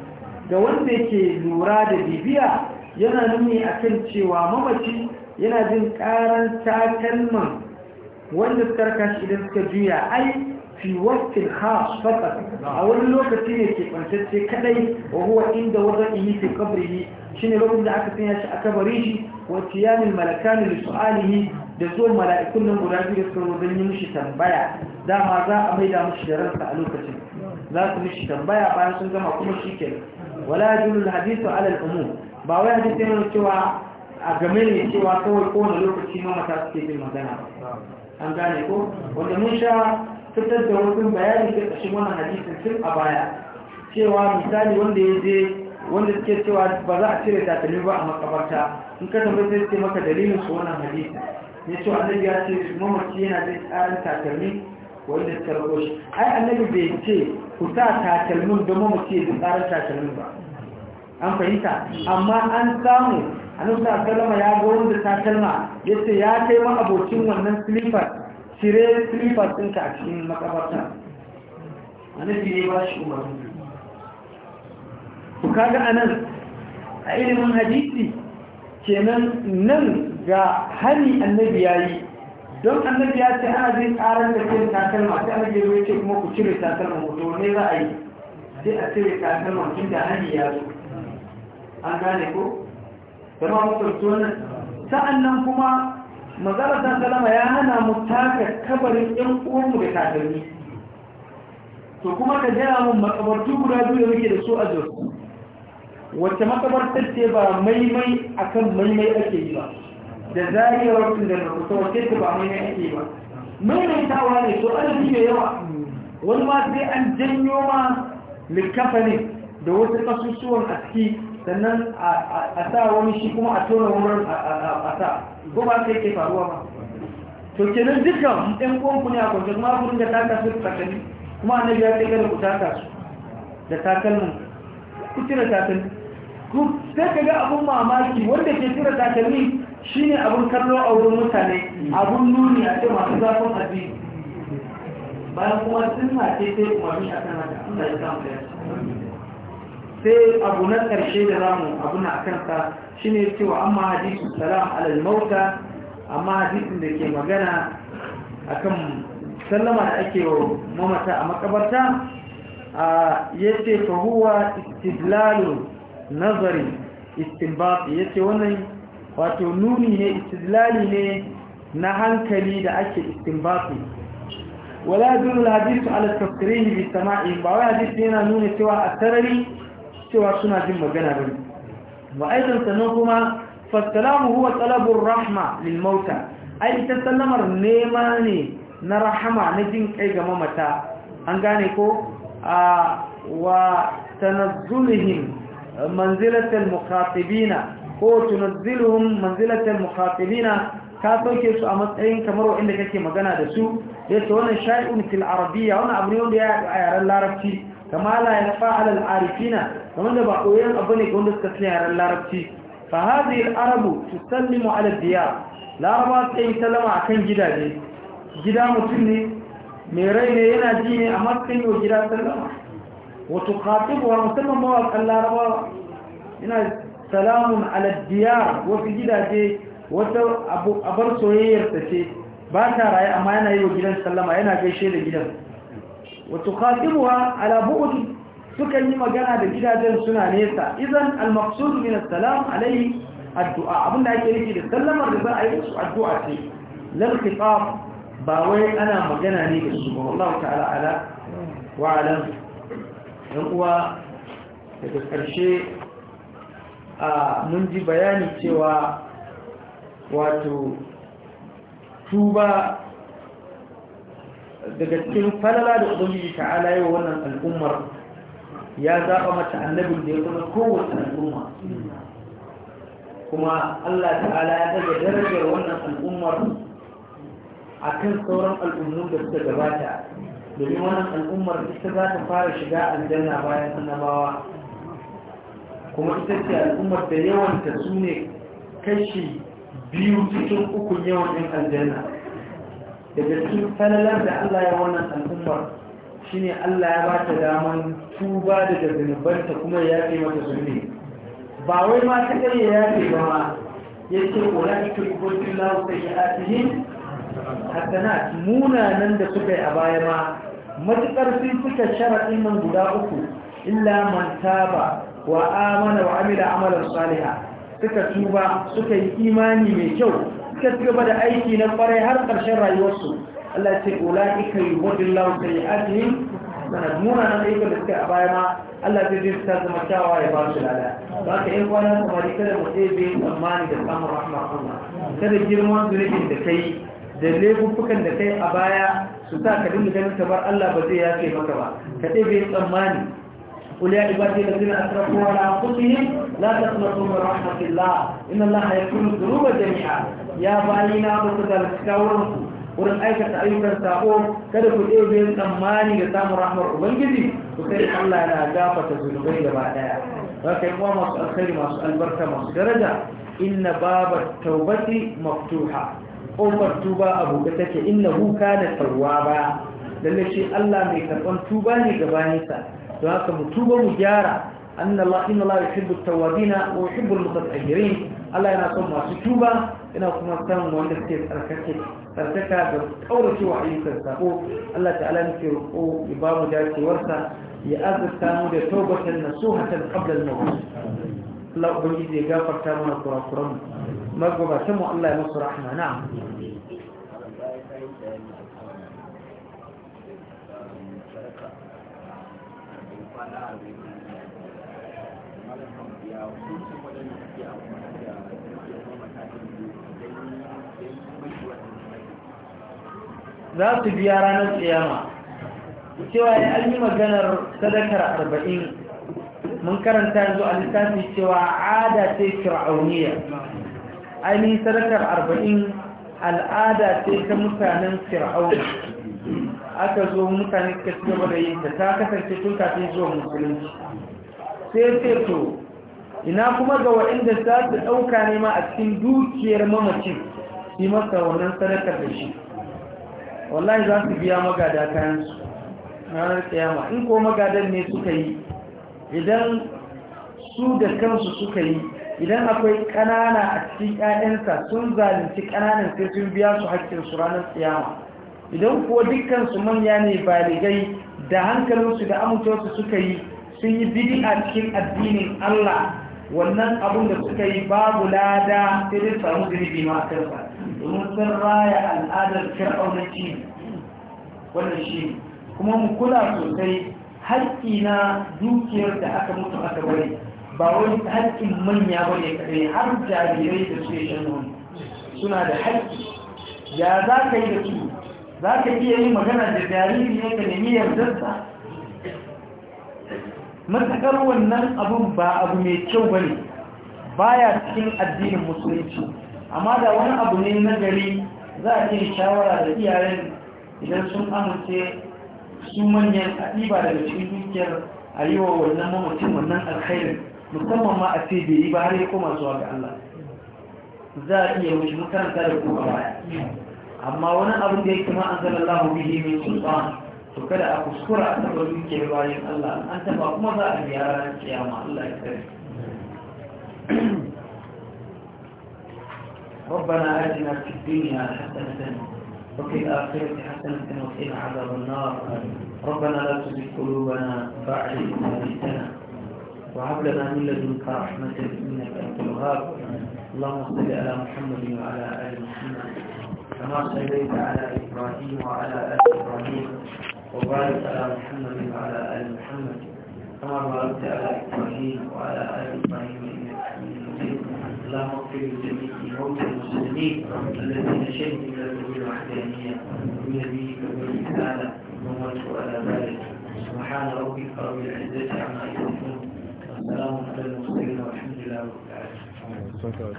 da wanda yake lura da bibiya yana nuni a kan cewa mamaci yana jin ƙaran takalman wanda suka raka shi idan suka juya ai fi waktin khas fakat a wani lokaci ne ke kwanciyarce kadai wa huwa inda wata ihi fi kabrihi shine lokacin da aka sanya shi a kabari shi wa tiyamin malakani li su'alihi da zo mala'ikun nan guda biyu da suka zo don yi mushi tambaya dama za a maida mushi da ransa a lokacin za su mushi tambaya bayan sun gama kuma shi kenan wala yajulul hadithu ala al ba wai hadisi ne cewa a game ne cewa kawai kowane lokaci ma mata suke bin magana an gane ko wanda mun sha fitar da wasu bayani da ƙashin wannan hadisin tun a baya cewa misali wanda ya je wanda suke cewa ba za a cire takalmi ba a makabarta in ka tambayi sai ce maka dalilin su wannan hadisi ya ce annabi ya ce mamaci yana da tsarin takalmi wanda suka rago shi ai annabi bai ce ku sa takalmin don mamaci da tsarin takalmin ba an fahimta amma an samu anusa kalma ya ga da ta kalma yace ya kai ma abokin wannan slipper cire slipper ɗinka a cikin makabarta annabi ne ba shi umarni ku kaga anan a ilimin hadisi kenan nan ga hari annabi ya yi don annabi ya ce ana zai karar da cin takalma sai gero ya ce kuma ku cire takalma mutu ne za a yi sai a cire takalma tun da hani ya zo an gane ko zama mutuntu wannan sa'annan kuma mazaratan salama ya hana mu taka kabarin yan uwanmu da kakanni to kuma ka jira mun makabartu guda biyu da muke da su a jos wacce makabartar ce ba maimai akan maimai ake yi ba da zariyar da na kusa wacce ce ba maimai ake yi ba ta ne to ana fi yawa wani ma sai an janyo ma likafa ne da wasu kasusuwan aski sannan a sa wani shi kuma a tona wurin a sa ko ba sai ke faruwa ba to kenan dukkan ɗan ƙwanku ne a kwanci kuma kun da ta kasu takalmi kuma annabi ya ce gani ku ta kasu da takalmin ku cire takalmi ku sai ka ga abun mamaki wanda ke cire takalmi ne abun kallo a wurin mutane abun nuni a ce masu zafin addini bayan kuma sun ce sai umarni a kanada da, Allah ya samu da yasa sai abu na ƙarshe da zamu abu na kansa shine cewa amma hadisi salam alal mauta amma hadisin da ke magana akan sallama da ake wa mamata a makabarta yace fa huwa istidlalu nazari istinbat yace wannan wato nuni ne istidlali ne na hankali da ake istinbati wala يدل الحديث على tafsirihi بالسماع بعض ba هنا hadisi yana nuna cewa a cewa suna jin magana bane wa aidan kuma fasalamu huwa talabur rahma lil mauta ai ita sallamar nema ne na rahama na jin kai ga mamata an gane ko a wa tanazzulihim manzilatal muqatibina ko tunazziluhum manzilatal muqatibina ka sauke su a matsayin kamar wanda kake magana da su yace wannan shay'un fil arabiyya wannan abu ne wanda ya a yaren larabci kamala ya fa'ala al-arifina kamar da ba koyon abu ne wanda suka san yaran larabci fa hadhihi al-arabu tusallimu ala diyar laraba ta yi salama akan gidaje gida mutum ne mai rai ne yana ji ne amma kan yau gida salama wa tuqatibu wa musamman mawaƙan larabawa yana salamun ala diyar wasu gidaje wata abar soyayyar ta ce ba ta raye amma yana yi wa gidan sallama yana gaishe da gidan wata khatibuwa ala bu'udi sukan yi magana da gidajen suna nesa idan al-maqsud min as-salam alayhi addu'a abinda ake nufi da sallamar da za a yi su addu'a ce lal khitab ba wai ana magana ne da su ba wallahi ta'ala ala wa alam dan uwa daga karshe a mun ji bayani cewa wato tuba daga cikin falala da ubangiji ta'ala yau wannan al'ummar ya zaɓa mata annabin da ya zama kowace al'umma kuma Allah ta'ala ya daga darajar wannan al'ummar a kan sauran al'ummu da suka gabata domin wannan al'ummar ita za ta fara shiga aljanna bayan annabawa kuma ita ce al'ummar da yawanta su ne kashi biyu cikin ukun yawan aljanna daga cikin falalar da Allah ya wannan al'umma shine Allah ya bata daman tuba daga zunubanta kuma ya yi mata zunubi ba wai ma ta kai ya yi ba ma yace ulai tuqulu lahu sayyi'atihim muna nan da suka yi a baya ma matukar sun suka sharadin nan guda uku illa man taba wa amana wa amila amalan saliha suka tuba suka yi imani mai kyau suka ci gaba da aiki na kwarai har ƙarshen rayuwarsu Allah ce ika yi wadin lawan sai ajihim sana muna nan ayyukan da suka a baya ma Allah zai zai ta zama kyawawa ya ba su lada ba ka yi kwanan samari kada mu ɗebe tsammani da samun rahama kuma kada girman zunubin da kai da laifuffukan da kai a baya su sa ka dinga ganin kamar Allah ba zai yafe maka ba ka ɗebe tsammani قل يا عبادي الذين اسرفوا على انفسهم لا تقنطوا من رحمه الله ان الله يغفر الذنوب جميعا يا باينا بتذكرون wurin aikata ayyukan sako kada ku ɗebe tsammani da samun rahmar ubangiji ku sai Allah na gafata zunubai gaba daya za ka yi masu alkhairi masu albarka masu daraja inna babar taubati maftuha ƙofar tuba a buɗe take inna huka da tawwa ba lalle Allah mai karɓan tuba ne gabaninsa don haka mu tuba mu gyara anna Allah inna Allah yuhibbu wa yuhibbu al Allah yana son masu tuba yana kuma son wanda suke tsarkake tsarkaka da kauracewa ayyukan sako Allah ta'ala ne roƙo ya ba mu dacewarsa ya azurta mu da taubatan nasuhatan qabla al-maut Allah ubangiji ya gafarta mana kurakuran magwabatan mu Allah ya masu rahma na'am za su biya ranar tsiyama cewa ya yi maganar sadakar arba'in mun karanta yanzu a littafi cewa ada ce fir'auniya ainihin sadakar arba'in al'ada ce ta mutanen fir'auna aka zo mutane suka ci gaba da yin ta ta kasance tun kafin zuwa musulunci sai ce to ina kuma ga waɗanda za su ɗauka nema a cikin dukiyar mamacin yi masa wannan sadakar da shi wallahi za su biya magada kayansu ranar kiyama in ko magadan ne suka yi idan su da kansu suka yi idan akwai ƙanana a cikin ƴaƴansa sun zalunci ƙananan sai sun biya su haƙƙinsu ranar kiyama idan kuwa dukkansu manya ne baligai da hankalinsu da amincewarsu suka yi sun yi a cikin addinin Allah wannan abin da suka yi babu lada sai dai samu zirgi ma a kansa domin sun raya al'adar fir'aunaki wannan shi kuma mu kula sosai haƙƙi na dukiyar da aka mutu aka bari ba wani haƙƙin manya ba ne kaɗai har jarirai da suke shan nono suna da haƙƙi ya za ka yi da su za ka iya yi magana da jariri ne ka nemi yardarsa matakar wannan abun ba abu mai kyau ba ne baya cikin addinin musulunci amma da wani abu ne na gari za a iya shawara da iyayen idan sun amince su manyan ɗiba daga cikin dukiyar a yi wa wannan mamacin wannan alkhairin musamman ma a ce bai yi ba har yi koma zuwa ga Allah za a iya wuce makaranta da kuma ba amma wani abu da yake ma an zama lahu bihi mai sultan to kada a kuskura a taɓa dukiyar bayan Allah an taɓa kuma za a biya ranar kiyama Allah ya kare ربنا آتنا في الدنيا حسنة وفي الآخرة حسنة وقنا عذاب النار ربنا لا تزغ قلوبنا بعد إذ هديتنا وهب لنا من لدنك رحمة إنك أنت الوهاب اللهم صل على محمد وعلى آل محمد كما صليت على إبراهيم وعلى آل إبراهيم وبارك على محمد وعلى آل محمد كما باركت على إبراهيم وعلى آل إبراهيم إنك حميد مجيد اللهم اغفر لجميع موتى المسلمين الذين شهدوا لك بالوحدانيه ونبيك بالرساله وماتوا على ذلك سبحان ربك رب العزه عما يصفون والسلام على المرسلين والحمد لله رب العالمين